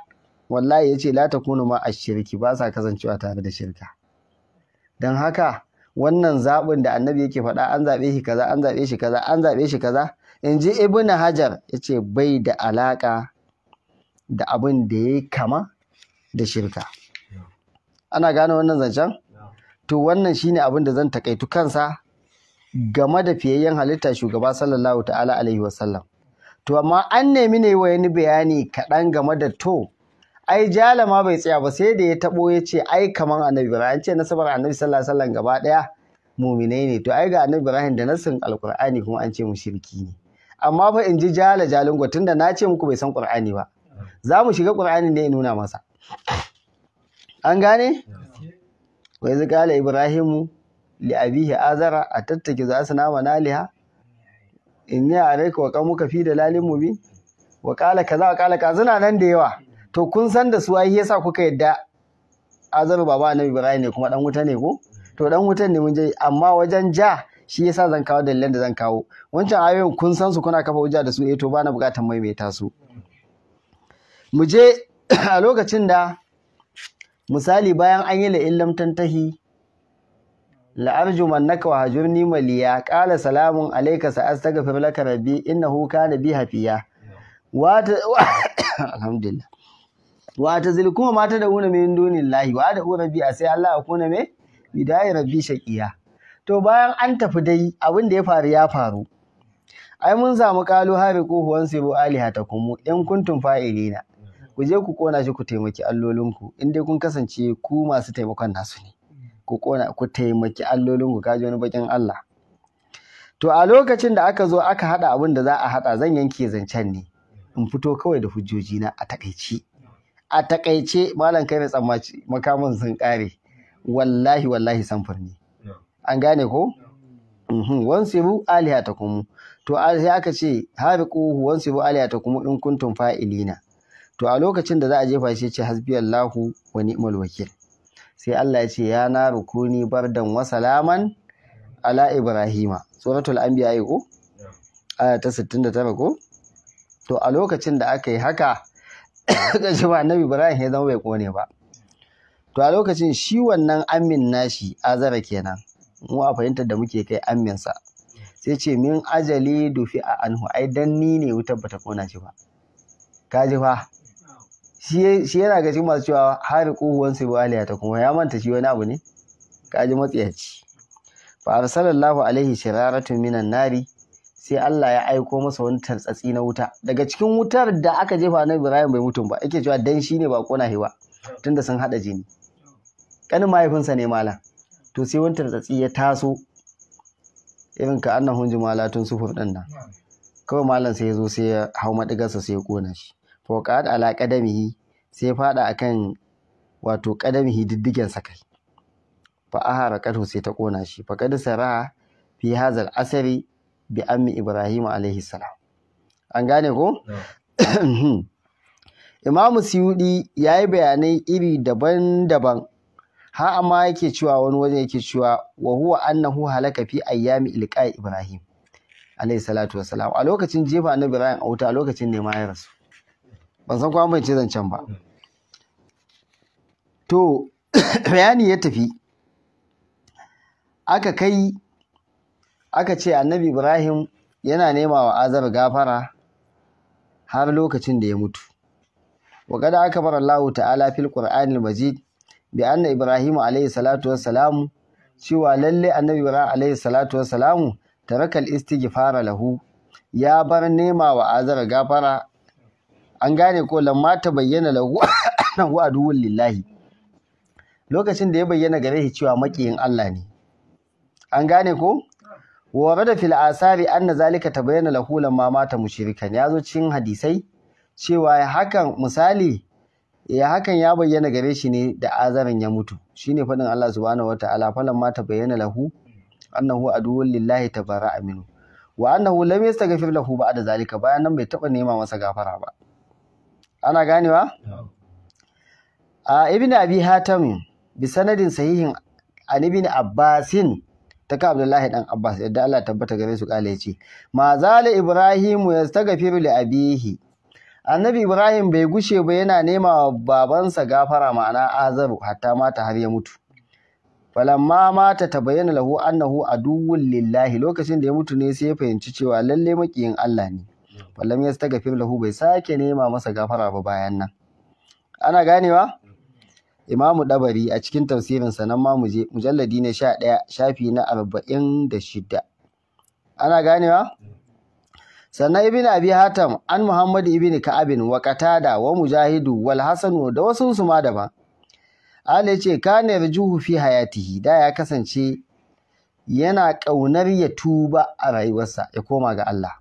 wallahi yace la takunu ma shirki. ba sa kasancewa tare da shirka dan haka wannan zaɓin da annabi yake faɗa an zaɓe shi kaza an zaɓe shi kaza an zaɓe shi kaza in ji ibn hajar yace bai da alaƙa da abin da ya kama da shirka ana gane wannan zancen to wannan shine abin da zan takaitu kansa game da fiyayyen halitta shugaba sallallahu ta'ala alaihi wasallam to amma an nemi ne yani bayani kaɗan game da to ai ma bai tsaya ba sai da ya taɓo ya ce ai kaman annabi ba, an ce nasabar annabi sallallahu alaihi wasallam gaba ɗaya muminai ne to ai ga annabi ibrahim da nasin alkur'ani kuma an ce mu shirki ne amma fa in ji jala jalin tunda na ce muku bai san Ƙur'ani ba za mu shiga Ƙur'ani ne in nuna masa an gane wai zai kala ibrahimu li abihi azara a tattake za su nama naliha in yi a raika wa muka fi da lalin mubi wa kala kaza wa kala kaza suna nan da yawa to kun san da su ai yasa kuka yadda azaru baba na ibrahim ne kuma dan wuta ne ko to dan wuta ne mun je amma wajen ja shi yasa zan kawo dalilan da zan kawo wancan ayoyin kun san su kuna kafa wuja da su eh to bana bukatan maimaita su mu je a lokacin da misali bayan an yi la'illam tantahi la'arjuman naka wa hajurni maliya ƙala salamun alaika sa'as ta gafir laka rabbi huka na bi hafiya wata alhamdulillah wata zilkuma mata da mai min lahi? wa da rabbi a sai Allah kuna mai bidai rabbi shaƙiya to bayan an tafi dai abin da ya faru ya faru ai mun samu kalu hari ko huwan sai bu kuma in kuntum fa'ilina ku je ku kona shi ku taimaki allolinku in dai kun kasance ku masu taimakon nasu ne ku kona ku taimaki allolinku kaji wani bakin Allah to a lokacin da aka zo aka hada abin da za a hada zan yanke zancen ne in fito kawai da hujjoji na a takaice a takaice malam kai ne tsammaci makamun sun kare wallahi wallahi samfur ne an gane ko uhm, ta kuma to sai aka ce aliha ta kuma in kuntum fa'ilina to a lokacin da za a jefa shi ce hasbi Allahu wa ni'mal wakil sai Allah ya ce ya na rukuni bardan wa salaman ala Ibrahima suratul anbiya ayi ko aya ta 69 ko to a lokacin da aka yi haka ga shi ba annabi Ibrahim ya zama bai kone ba to a lokacin shi wannan amin nashi azara kenan mu a fahimtar da muke kai aminsa sai ce min ajali dufi a anhu ai dan ni ne wutar bata kona shi ba ka ji fa shi yana ga masu cewa hari kuhuwan su aliya ta kuma ya manta shi wani abu ne kaji matsiyaci fa arsalallahu alaihi shiraratun minan nari sai Allah ya aiko masa wani tartsatsi na wuta daga cikin wutar da aka jefa na Ibrahim bai mutum ba yake cewa dan shi ne ba kona hewa tunda sun hada jini kanin mahaifinsa ne malam to sai wani tartsatsi ya taso irin ka annahun tun sufur din nan kawai malam sai ya zo sai ya hau maɗigarsa sai ya kona shi waƙa'ad ala ƙadamihi sai faɗa kan wato ƙadamihi diddigen sa kai fa ahara kadu sai ta kona shi fa kad sara fi hazal asari bi ammi ibrahim alaihi salam an gane ko imamu siyudi ya yi bayanai iri daban-daban ha amma yake cewa wani waje yake cewa wa huwa annahu halaka fi ayyami ilqa ibrahim alayhi salatu wassalam a lokacin jefa annabi ibrahim a wuta a lokacin ne ma ya rasu ban san kuma bai ce zancen ba to bayani ya tafi aka kai aka ce annabi ibrahim yana nema wa azar gafara har lokacin da ya mutu wa kada aka bar allahu ta'ala fil qur'anil majid bi anna ibrahim alayhi salatu wassalam cewa lalle annabi ibrahim alayhi salatu taraka tarakal istighfara lahu ya bar nema wa azar gafara an gane ko lamma ta bayyana lahu annahu lillahi lokacin da ya bayyana gare shi cewa makiyin Allah ne an gane ko warada fil asari anna zalika ta bayyana lahu lamma mata Ya zo cikin hadisai cewa hakan misali ya hakan ya bayyana gare shi ne da azarin ya mutu shine faɗin Allah subhanahu wataala falan ma tabayyana lahu annahu aduwwul lillahi bara Aminu. wa annahu lam yastaghfir lahu ba'da zalika bayan nan bai taba nema masa gafara ba ana ganewa a ibn abi hatam bi sanadin sahihin an ibn abbasin ta ka abdullahi dan abbas yadda Allah tabbata gare su kale yace ma zala ibrahimu yastaghfiru li abihi annabi ibrahim bai gushe ba yana nema wa babansa gafara ma'ana azaru hatta mata har ya mutu falamma mata tabayyana lahu annahu aduwwul lillahi lokacin da ya mutu ne sai ya fahimci cewa lalle makiyin Allah ne wallam fim lahu bai sake nema masa gafara ba bayan nan ana ganewa imamu dabari a cikin tafsirin sa nan ma muje mujalladi na 11 shafi na 46 ana ganewa sannan ibn abi hatam an muhammad ibn ka'abin wa qatada wa mujahidu wal hasan da wasu su ma ba Ali ce kana rajuhu fi hayatihi da ya kasance yana ƙaunar ya tuba a rayuwarsa ya koma ga Allah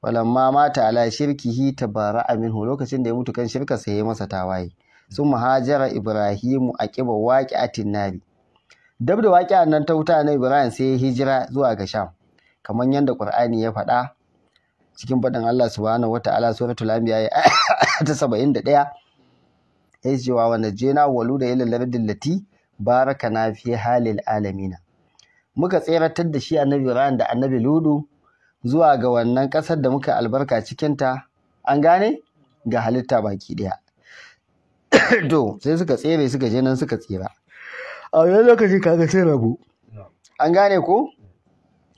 falamma mata ala shirkihi tabara minhu lokacin da ya mutu kan shirka sai ya masa tawaye sun muhajara ibrahimu a ƙiba waƙi'atin nari dab da waƙi'an nan ta wuta na ibrahim sai ya hijira zuwa ga sham kamar yadda qur'ani ya faɗa cikin faɗin allah subhanahu wata'ala suratul anbiya ta saba'in da ɗaya ya ce wa wanda walu da ilal lardin lati baraka na fi halil alamina muka tseratar da shi annabi ibrahim da annabi ludu zuwa ga wannan ƙasar da muka albarka cikinta an gane ga halitta baki ɗaya to sai suka tsere suka je nan suka tsira a wani lokaci kaga sai rabu an gane ko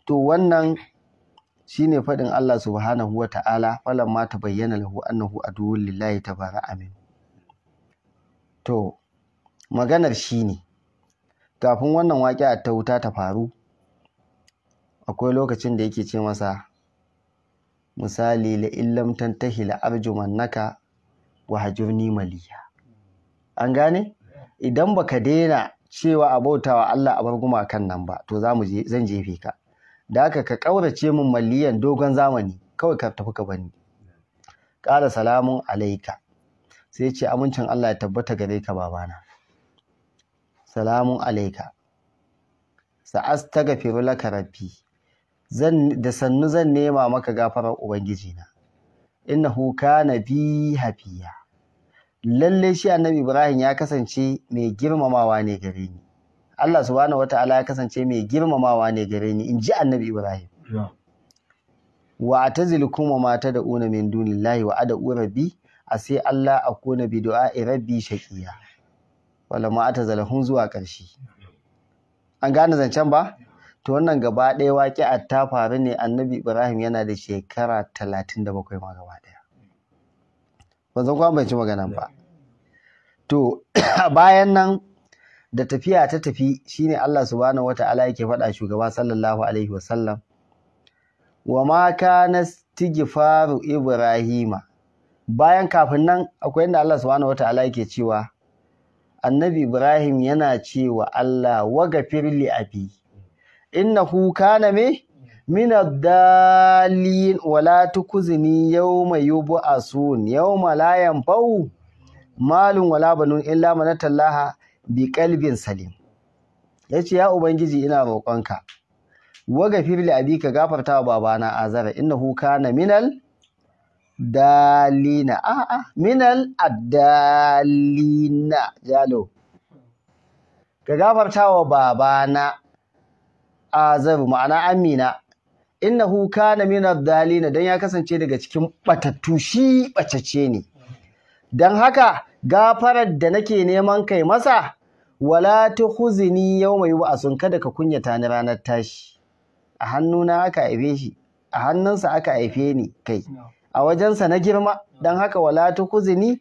to wannan shi ne faɗin Allah subhanahu wa ta'ala falon ma ta bayyana lahu annahu aduwwul lillahi tabara amin to maganar shi ne. kafin wannan waƙi ta wuta ta faru akwai lokacin da yake ce masa misali la illam tantahi la arjumannaka wa hajurni maliya an gane idan baka daina cewa a bautawa Allah a bar kan nan ba to zamu je zan jefe ka da haka ka kaurace min maliyan dogon zamani kawai ka tafi ka bani ƙara salamun alaika sai ce amincin Allah ya tabbata gare ka babana salamun alaika sa'astaghfiru laka rabbi da sannu zan nema maka gafarar ubangijina huka na bi hafiya lalle shi annabi ibrahim ya kasance mai girmamawa ne gare ni Allah subhanahu wata'ala ya kasance mai girmamawa ne gare ni in ji annabi ibrahim wa a atazil kuma mata da una min dunillahi wa ura bi? a sai Allah a kona bi a rabbi shaƙiya. wala ma atazalahun zuwa ƙarshe an gane zancen ba to wannan gaba ɗaya a ta faru ne annabi ibrahim yana da shekara talatin da bakwai ma gaba ɗaya ban san kwan ci maganan ba to bayan nan da tafiya ta tafi shine allah subhanahu ta'ala yake faɗa shugaba sallallahu alaihi wasallam wa ma kana istighfaru ibrahima bayan kafin nan akwai inda allah subhanahu ta'ala yake cewa annabi ibrahim yana cewa allah waga firli abi innahu kana me min ad-dallin wala tukuzni yawma yub'asun yawma la yanfa'u malun wala banun illa man tallaha bi qalbin salim yace ya ubangiji ina roƙonka gafir li abika gafarta wa babana azara innahu kana minal dalina a'a a minal addalina jalo ka gafarta wa babana azab ma'ana amina innahu kana min ad-dalina dan ya kasance daga cikin batattu shi bacece ne dan haka gafarar da nake neman kai masa wala yau yawma yub'asun kada ka kunyata ni ranar tashi a hannuna aka aife shi a hannunsa aka aife ni kai a wajensa na girma dan haka wala tukhzini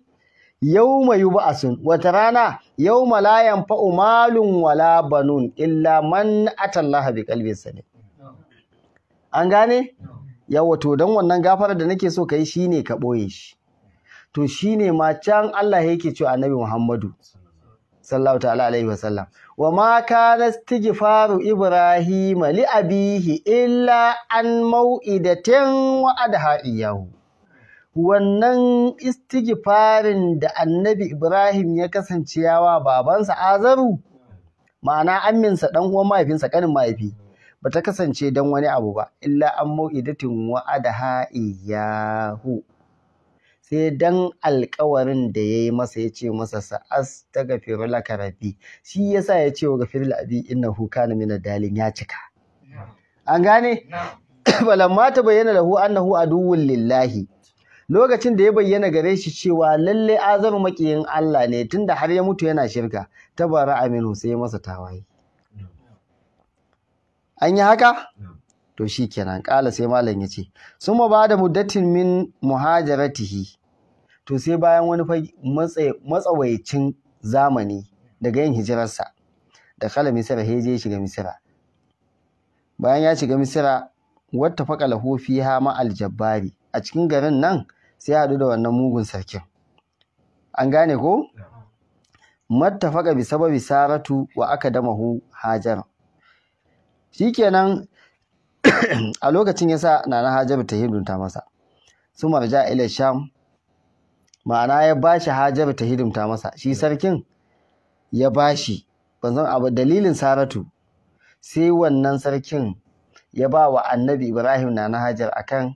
Yau yi ba'asun wata rana Yau ma layan fa’o malun wala banun illa man atallaha bi qalbin salim an gane yawa to dan wannan gafarar da nake so ka kai shine ka ɓoye shi to shine ma can Allah yake cewa annabi Muhammadu sallallahu ta'ala alaihi sallam wa ma kana istighfaru ibrahima li abihi illa an mau'idatin wa'adaha iyahu wannan istighfarin da annabi Ibrahim ya kasance yawa babansa Azaru ma'ana Aminsa dan uwan mahaifinsa kanin mahaifi ba ta kasance dan wani abu ba illa an mau'idatin wa'ada haiyahu sai dan alkawarin da ya yi masa ya ce masa Sa'as sa'astaghfiru laka rabbi shi ya sa ya ce wa labi abi huka na mina dalin ya cika an gane balamma ta bayyana lahu annahu aduwwun lillahi lokacin da ya bayyana gare shi cewa lalle azaru makiyin Allah ne tunda har ya mutu yana shirka tabara aminu sai masa tawaye an yi haka to shi kenan ƙala sai malam ya ce sun ba da muddatin min muhajaratihi to sai bayan wani matsawaicin zamani daga yin hijirarsa da kala misira ya je shiga misira bayan ya shiga misira wata faƙa lahofi ha ma aljabari. a cikin garin nan sai haɗu da wannan mugun sarkin an gane ko mattafaka bi sababi saratu wa aka damahu hajar shikenan a lokacin yasa nana hajaru ta hidimta masa su marja ila sham ma'ana ya bashi hajaru ta hidimta masa shi sarkin ya bashi ban san abu dalilin saratu sai wannan sarkin ya ba wa annabi ibrahim nana hajar akan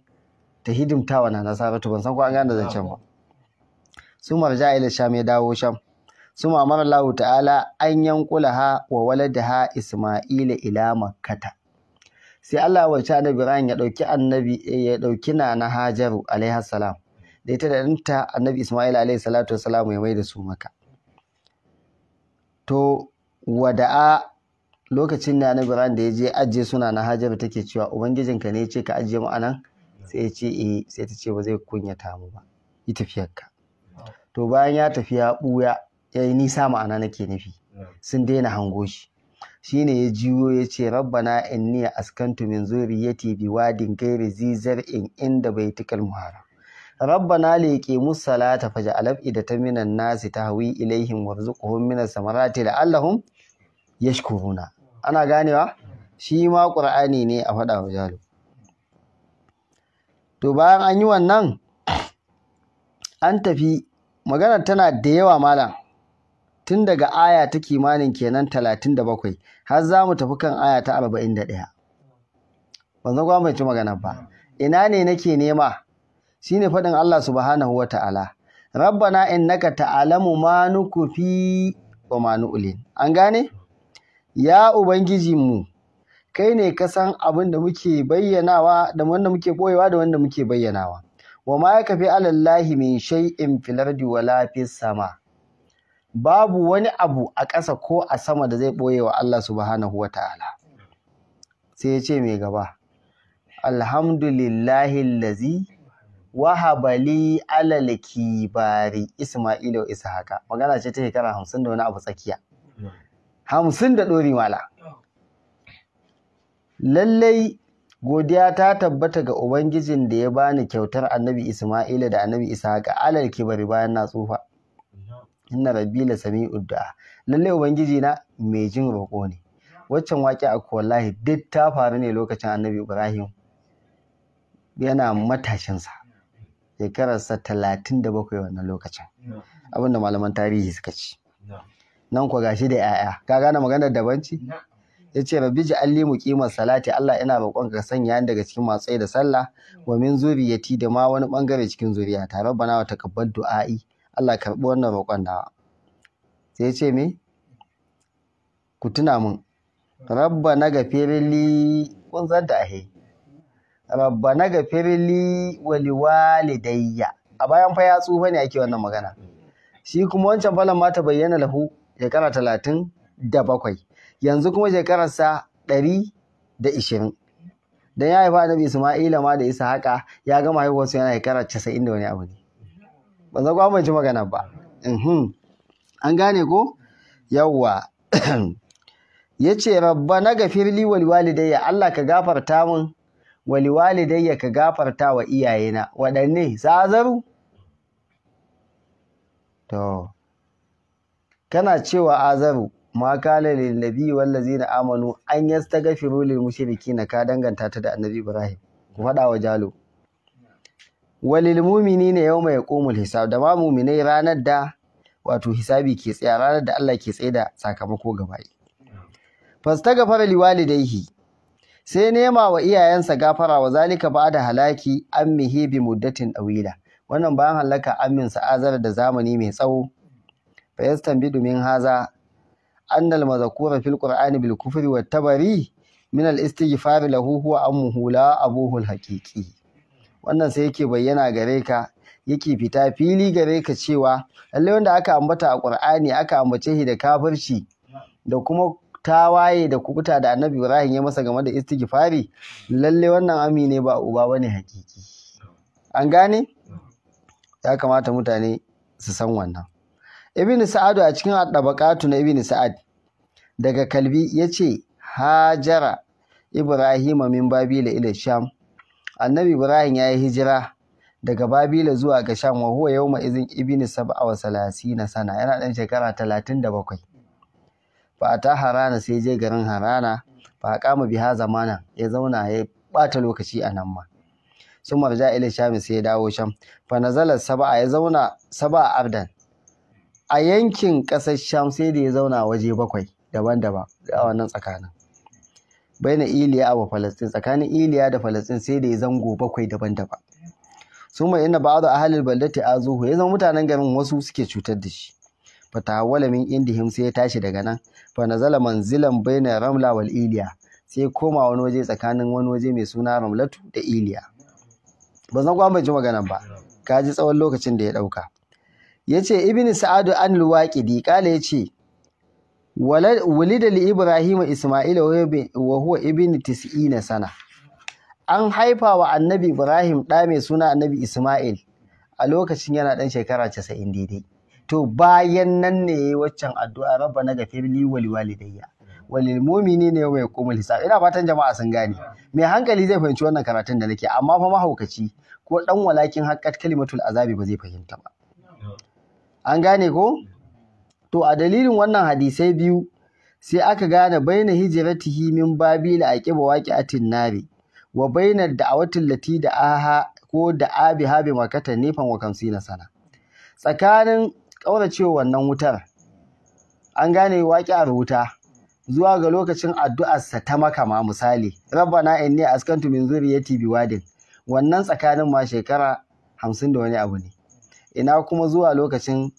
ta hidimta wa nana saratu ban san ko an gane ah. zancen ba su marja ila sham ya dawo sham su amara Allah ta'ala an yankulaha wa waladaha Isma'ila ila makkata sai Allah wace annabi Ibrahim ya dauki annabi ya dauki nana Hajaru alaiha salam da ita da danta annabi Isma'il alaihi salatu wassalamu ya maida su maka to wada'a lokacin da annabi Ibrahim da ya je ajiye suna na Hajaru take cewa ubangijinka ne ya ce ka ajiye mu anan sai ya ce eh sai ta ce ba zai kunyata mu ba yi tafiyarka to bayan ya tafi ya buya ya yi nisa ma'ana nake nufi sun daina hango shi shine ya jiwo ya ce rabbana inni askantu min zuriyati bi wadin ghairi zizar in inda baitikal muhara rabbana liqi musallata faj'alab ta minan nasi tahwi ilaihim warzuqhum minas samarati la'allahum yashkuruna ana ganewa shi ma qur'ani ne a faɗa wa jalo to bayan an yi wannan an tafi maganar tana da yawa malam tun daga aya ta kimanin kenan talatin da bakwai har za mu tafi kan aya ta arba'in da ɗaya Ba zan bai ba ina ne nake nema Shi ne faɗin Allah subhanahu wa ta'ala rabbana innaka ta'alamu ma nukufi wa ma nu'lin an gane ya ubangijinmu kai ne ka san abin da muke bayyanawa da wanda muke boyewa da wanda muke bayyanawa wa ma ya kafi alallahi min shay'in fil ardi wala sama babu wani abu a ƙasa ko a sama da zai ɓoye wa Allah subhanahu Ta'ala. sai ya ce mai gaba alhamdulillahi allazi wahaba li alal kibari isma'ila wa ishaqa magana ce ta shekara 50 da wani abu tsakiya 50 da dori mala Lallai godiya ta tabbata ga Ubangijin da ya bani kyautar Annabi Isma'ila da Annabi Ishaqa alal kibari bayan na tsufa. Inna rabbi la sami'ud du'a. Lallai Ubangiji na mai jin roƙo ne. Waccan waƙi a wallahi duk ta faru ne lokacin Annabi Ibrahim yana matashinsa. Shekararsa talatin da bakwai wannan lokacin. Abinda malaman tarihi suka ci. Nan kwa gashi da 'ya'ya. Ka gane maganar dabanci? ya ce rabbi mu kimar salati Allah ina roƙon ka sanya ni daga cikin masu da sallah wa min zuriyati da ma wani bangare cikin zuriyata rabbana wa taqabbal du'a'i Allah karɓi wannan roƙon da sai ya ce me ku tuna min rabba na gafirili kun san da ahe rabba na gafirili wa liwalidayya a bayan fa ya tsufa ne ake wannan magana shi kuma wancan falon ma ta bayyana lahu shekara talatin da bakwai yanzu kuma shekararsa ɗari da ishirin Don ya haifa annabi Isma'ila ma da Isa haka ya gama su yana shekara casa'in da wani abu ne ban san kuma ji magana ba uhm. an gane ko yawwa ya ce rabba na gafirli waliwalidayya Allah ka gafarta min waliwalidayya ka gafarta wa iyayena waɗanne zazaru to kana cewa azaru ma kana lil nabi wal ladzina amanu an yastaghfiru lil mushrikina ka danganta ta da annabi Ibrahim ku faɗa wa jalo walil mu'minina yawma yaqumul hisab da ma mu'minai ranar da wato hisabi ke tsaya ranar da Allah ke tsaye da sakamako gaba fastaghfara liwalidayhi sai nema wa iyayensa gafara wa zalika da halaki ammihi bi muddatin ɗawila. wannan bayan halaka sa azar da zamani mai tsawo fa yastanbidu min haza annal mazakura fil qur'ani bil kufri wat tabari min al istighfar lahu huwa ammuhu wannan sai yake bayyana gare ka yake fita fili gare ka cewa lallai wanda aka ambata a qur'ani aka ambace shi da kafirci da kuma tawaye da kubuta da annabi ibrahim ya masa game da istighfari Lallai wannan ne ba uba bane hakiki an gane ya kamata mutane su san wannan ibn sa'adu a cikin addabaqatu na ibn sa'ad daga kalbi ya ce hajara ibrahima min babila ila sham annabi ibrahim ya yi hijira daga babila zuwa ga sham wa huwa yawma izin ibn sab'a wa salasina sana yana dan shekara 37 fa ta harana sai je garin harana fa kama biha zamana ya zauna ya bata lokaci a nan ma sun marja ila sham sai ya dawo sham fa nazala sab'a ya zauna sab'a abdan a yankin ƙasar sham sai da ya zauna waje bakwai daban-daban a wannan tsakanin baina iliya wa falastin tsakanin iliya da falastin sai da ya zango bakwai daban-daban su mai ina ba a halin baldati a zuhu ya zama mutanen garin wasu suke cutar da shi fatawala min indihim sai ya tashi daga nan fa nazala manzilan baina ramla wal iliya sai koma wani waje tsakanin wani waje mai suna ramlatu da iliya ba zan kwa ji maganan ba ka ji tsawon lokacin da ya ɗauka Ya ce ibn sa'adu an luwaqidi kala yace ce walidali ibrahim isma'ila wa huwa ibn na sana an haifa wa annabi ibrahim ɗa mai suna annabi isma'il a lokacin yana ɗan shekara casa'in daidai to bayan nan ne ya yi waccan addu'a rabba na rabbana ni wali liwalidayya Wani mumini ne ne mai kumul hisab ina fatan jama'a sun gane mai hankali zai fahimci wannan karatun da nake amma fa mahaukaci ko ɗan walakin haqqat kalimatul azabi ba zai fahimta ba an gane ko to a dalilin wannan hadisai biyu sai aka gane baina hijratihi min babil aqiba atin nari wa baina da'awatin lati da aha ko da abi habi makata nifan wa na sana tsakanin ƙauracewa wannan wutar an gane a wuta zuwa ga lokacin addu'arsa ta makama misali rabbana inni askantu min biwadin wannan tsakanin ma shekara hamsin da wani abu ne ina kuma zuwa lokacin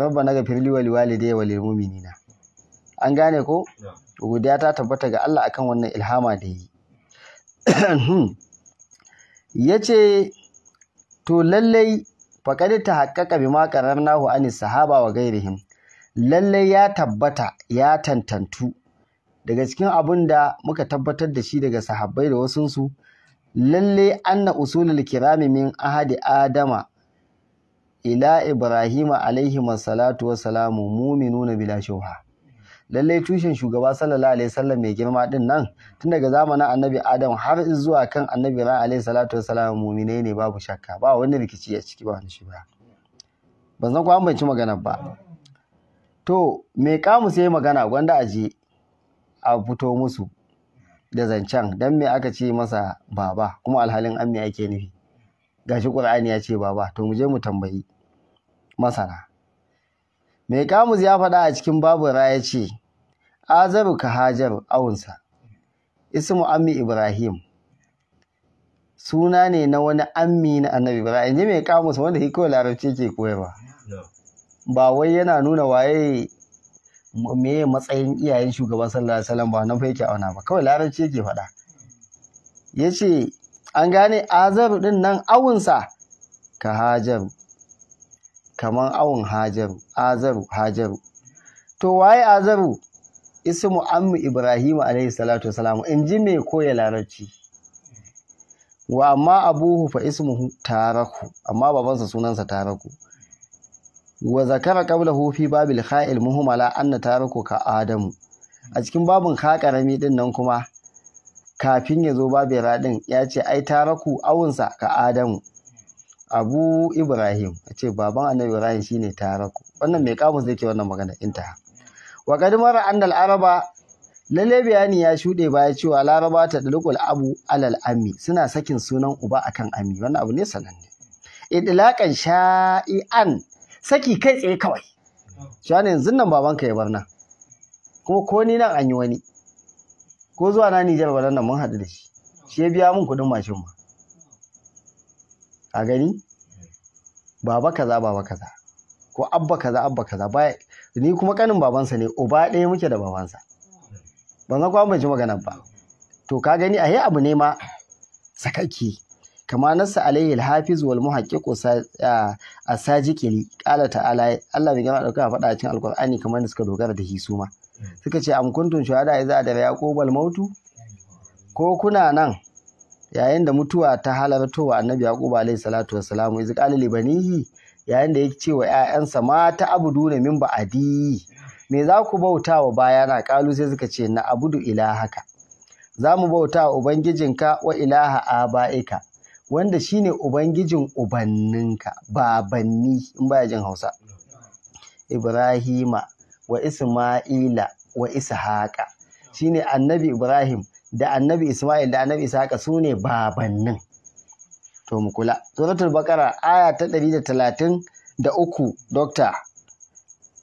rabbana ghafirli liwali liwalidayya wa lilmu'minina an gane ko godiya ta tabbata ga Allah akan wannan ilhama da yi yace to lallai faƙari ta haƙaƙa bi maƙarar nahu sahaba wa gairihim lallai ya tabbata ya tantantu daga cikin abin da muka tabbatar da shi daga sahabbai da wasunsu lallai anna usulul kirami ahadi adama ila Ibrahim alaihi salatu wassalamu muminuna bila shubha lallai tushen shugaba sallallahu alaihi wasallam mai girma din nan tun daga zamanin annabi adam har zuwa kan annabi ra alaihi salatu salamu muminai ne babu shakka ba wani rikici a ciki ba wani shi ba ban san ko an banci magana ba to me kamu sai magana gwanda aje a fito musu da zancen dan me aka ce masa baba kuma alhalin an me ake nufi gashi ƙur'ani ya ce baba to mu je mu tambayi masana mai kamus ya faɗa a cikin babu ra ya ce azaru ka hajar awunsa ismu ammi ibrahim suna ne na wani ammi na annabi ibrahim ji mai kamus wanda shi kawai larabci ke koyarwa ba wai yana nuna waye me matsayin iyayen shugaban sallallahu alaihi wasallam ba nan fa yake auna ba kawai larabci yake faɗa yace an gane azaru ɗin nan awunsa ka hajaru kamar awun hajaru azaru hajaru to waye azaru ismu ammu ibrahim alaihi salatu wasalam in ji me koya larabci wa amma abuhu fa ismuhu taraku amma babansa sunansa taraku wa zakara qablahu fi babil kha'il muhmala anna taraku ka adamu a cikin babun ka karami din nan kuma kafin ya zo babira ɗin ya ce ai taraku awunsa ka adamu abu ibrahim a ce baban annabi ibrahim shine taraku wannan mai kamus ke wannan magana inta wa qad mara annal araba lalle bayani ya shuɗe baya cewa laraba ta dalukul abu alal Ami suna sakin sunan uba akan Ami. Wani abu ne sananne idlaqan sha'i'an saki kai tsaye kawai shi yanzu nan babanka ya bar nan kuma ko ni nan an yi wani ko zuwa na Nijar wannan mun haɗu da shi shi ya biya mun kuɗin mashin ma a gani baba kaza baba kaza ko abba kaza abba kaza ba ni kuma kanin babansa ne uba ɗaya muke da babansa ban san kuma ban ji maganar ba to ka gani a abu ne ma sakakke kama nasa alaihi alhafiz wal muhaqqiq asajikili qala ta'ala Allah bai gama dauka faɗa cikin alqur'ani kamar da suka dogara da hisuma suka ce am kuntum shuhada idza da yaqubal mautu ko kuna nan yayin da mutuwa ta wa annabi yaquba alayhi salatu wassalamu iz qala li banihi yayin da yake cewa ƴaƴansa ma ta abuduna min ba'adi me za ku bauta wa na, kalu sai suka ce na abudu ilahaka za mu bauta wa ubangijinka wa ilaha aba'ika wanda shine ubangijin ubanninka babanni in baya jin Hausa Ibrahima wa Isma'ila wa Ishaqa shine annabi Ibrahim da annabi Isma'il da annabi Ishaqa sune babannin to mu kula suratul baqara aya ta 133 doctor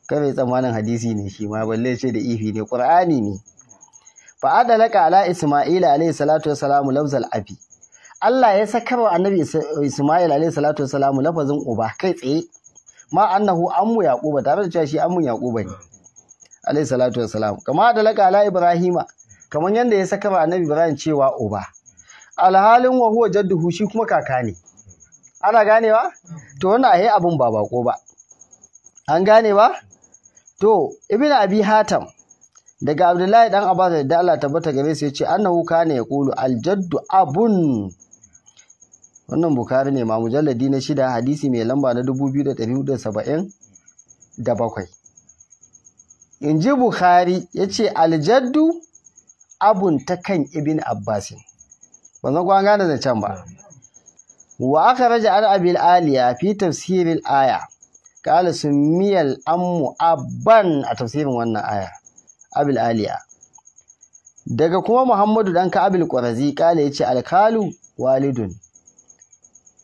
kare tsammanin hadisi ne shi ma balle ce da ifi ne qur'ani ne fa adalaka ala Isma'ila alayhi salatu wassalamu lafzal abi Allah ya wa annabi Isma'il alayhi salatu wassalamu lafazin uba kai tsaye ma annahu ammu yaquba tare da cewa shi ammu yaquba ne alaihi salatu wassalam kama da laka ala ibrahima kamar yadda ya saka ba annabi ibrahim cewa uba alhalin wa huwa jadduhu shi kuma kaka ne ana ganewa to wannan ai abun ba bako ba an gane ba to ibnu abi hatam daga abdullahi dan abbas da Allah tabbata gare su yace annahu kana yaqulu aljaddu abun wannan bukari ne ma mujalladi na shida hadisi mai lamba na 2477 in ji Bukhari ya ce aljaddu abun ta kan Ibin Abbasin. Ba zan kwan gane can ba. Wa aka raja al'abil abil aliya fi tafsirin aya. Kala an ammu abban a tafsirin wannan aya. Abil aliya. Daga kuma Muhammadu ɗan ka abin ƙwarazi kala ya ce alkalu walidun.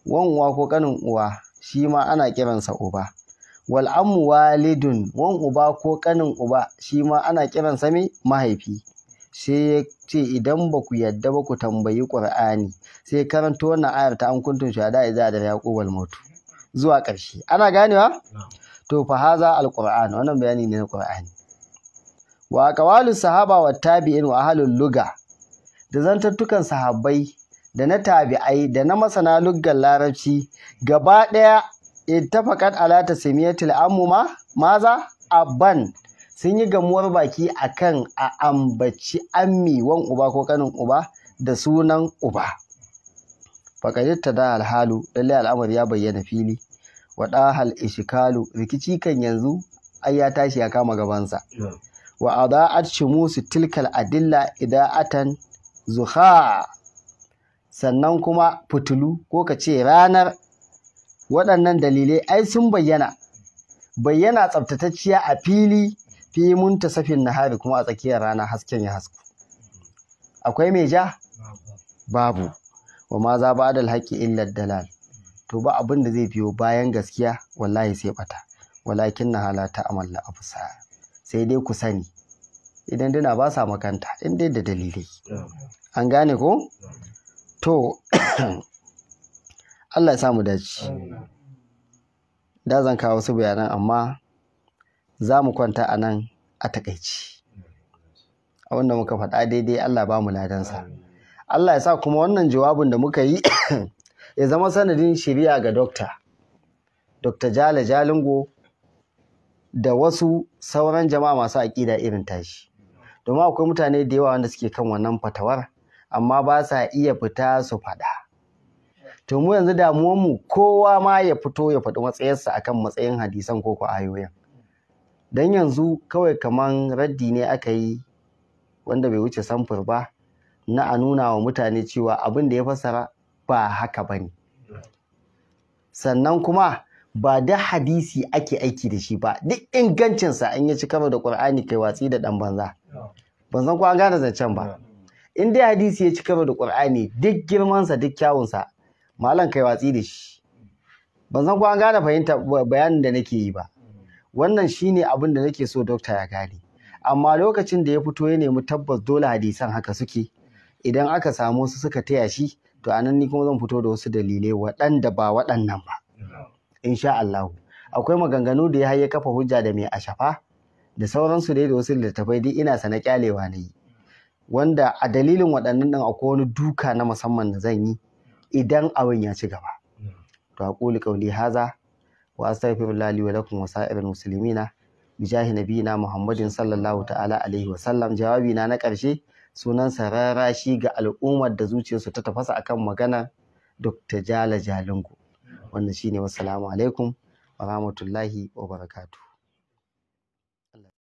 Wan uwa ko ƙanin uwa shi ma ana kiransa uba. wal amu walidun wan uba ko kanin uba shi ma ana kiransa me mahaifi sai ya ce idan ba ku yadda ba ku tambayi qur'ani sai karanto wannan ayar ta an kuntun shahada iza da yaqubal mautu zuwa ƙarshe ana ganewa to fa haza alquran wannan bayani ne na qur'ani wa aqwalu sahaba wa tabi'in wa ahlul luga da zantattukan sahabbai da na tabi'ai da na masana luggan larabci gaba ɗaya ittafaqat ala tasmiyatil amuma maza abban sun yi gamuwar baki akan a ambaci ammi wan uba ko kanin uba da sunan uba fakaditta da alhalu lallai al'amari ya bayyana fili wa dahal ishkalu rikici kan yanzu ai ya tashi ya kama gabansa wa ada'at musu tilkal adilla ida'atan zuha sannan kuma fitulu ko ka ce ranar waɗannan dalilai ai sun bayyana bayyana tsaftatacciya a fili fi na hari kuma a tsakiyar rana hasken ya hasku akwai mai ja babu wa ma za ba da haƙƙi illar dalal to ba abin da zai biyo bayan gaskiya wallahi sai bata walakin na halata amalla abusa sai dai ku sani idan dina ba sa makanta in dai da dalilai an gane ko to Allah ya samu dace da zan kawo wasu bayanan amma za mu kwanta a nan a takaici A wanda muka faɗa daidai Allah ba mu ladansa Allah ya sa kuma wannan jawabin da muka yi ya zama sanadin shiriya ga dokta dokta jala jalingo da wasu sauran jama'a masu aƙida irin tashi domin akwai mutane da yawa wanda suke kan wannan fatawar amma ba sa iya fita su faɗa to mu yanzu damuwar mu kowa ma ya fito ya faɗi matsayarsa akan matsayin hadisan ko ko ayoyin dan yanzu kawai kaman raddi ne aka yi wanda bai wuce samfur ba na a nuna wa mutane cewa abin da ya fassara ba haka ba ne sannan kuma ba da hadisi ake aiki da shi ba duk ingancinsa an yi ci karo da ƙur'ani kai watsi da ɗan banza ban san ko an gane zancen ba in dai hadisi ya ci karo da ƙur'ani duk girmansa duk kyawunsa malam kai watsi da shi ban san ko an gane fahimta bayanin da nake yi ba wannan shine abin da nake so dokta ya gane amma lokacin da ya fito ya nemi tabbas dole hadisan haka suke idan aka samu su suka taya shi to anan ni kuma zan fito da wasu dalilai waɗanda ba waɗannan ba insha Allah akwai maganganu da ya haye kafa hujja da mai ashafa da sauransu dai da wasu tafai duk ina sana kyalewa na yi wanda a dalilin waɗannan ɗin akwai wani duka na musamman da zan yi idan abin ya ci gaba hmm. to ƙuli ƙauli haza wa astaghfiru li wa lakum wa sa'iril muslimina jahi nabiyina muhammadin sallallahu ta'ala alaihi wa sallam jawabi na na ƙarshe, sunan sarara shi ga al'ummar da zuciyarsu ta tafasa akan magana Dr. Jala Jalingo hmm. wannan shine wassalamu alaikum wa rahmatullahi wa barakatuh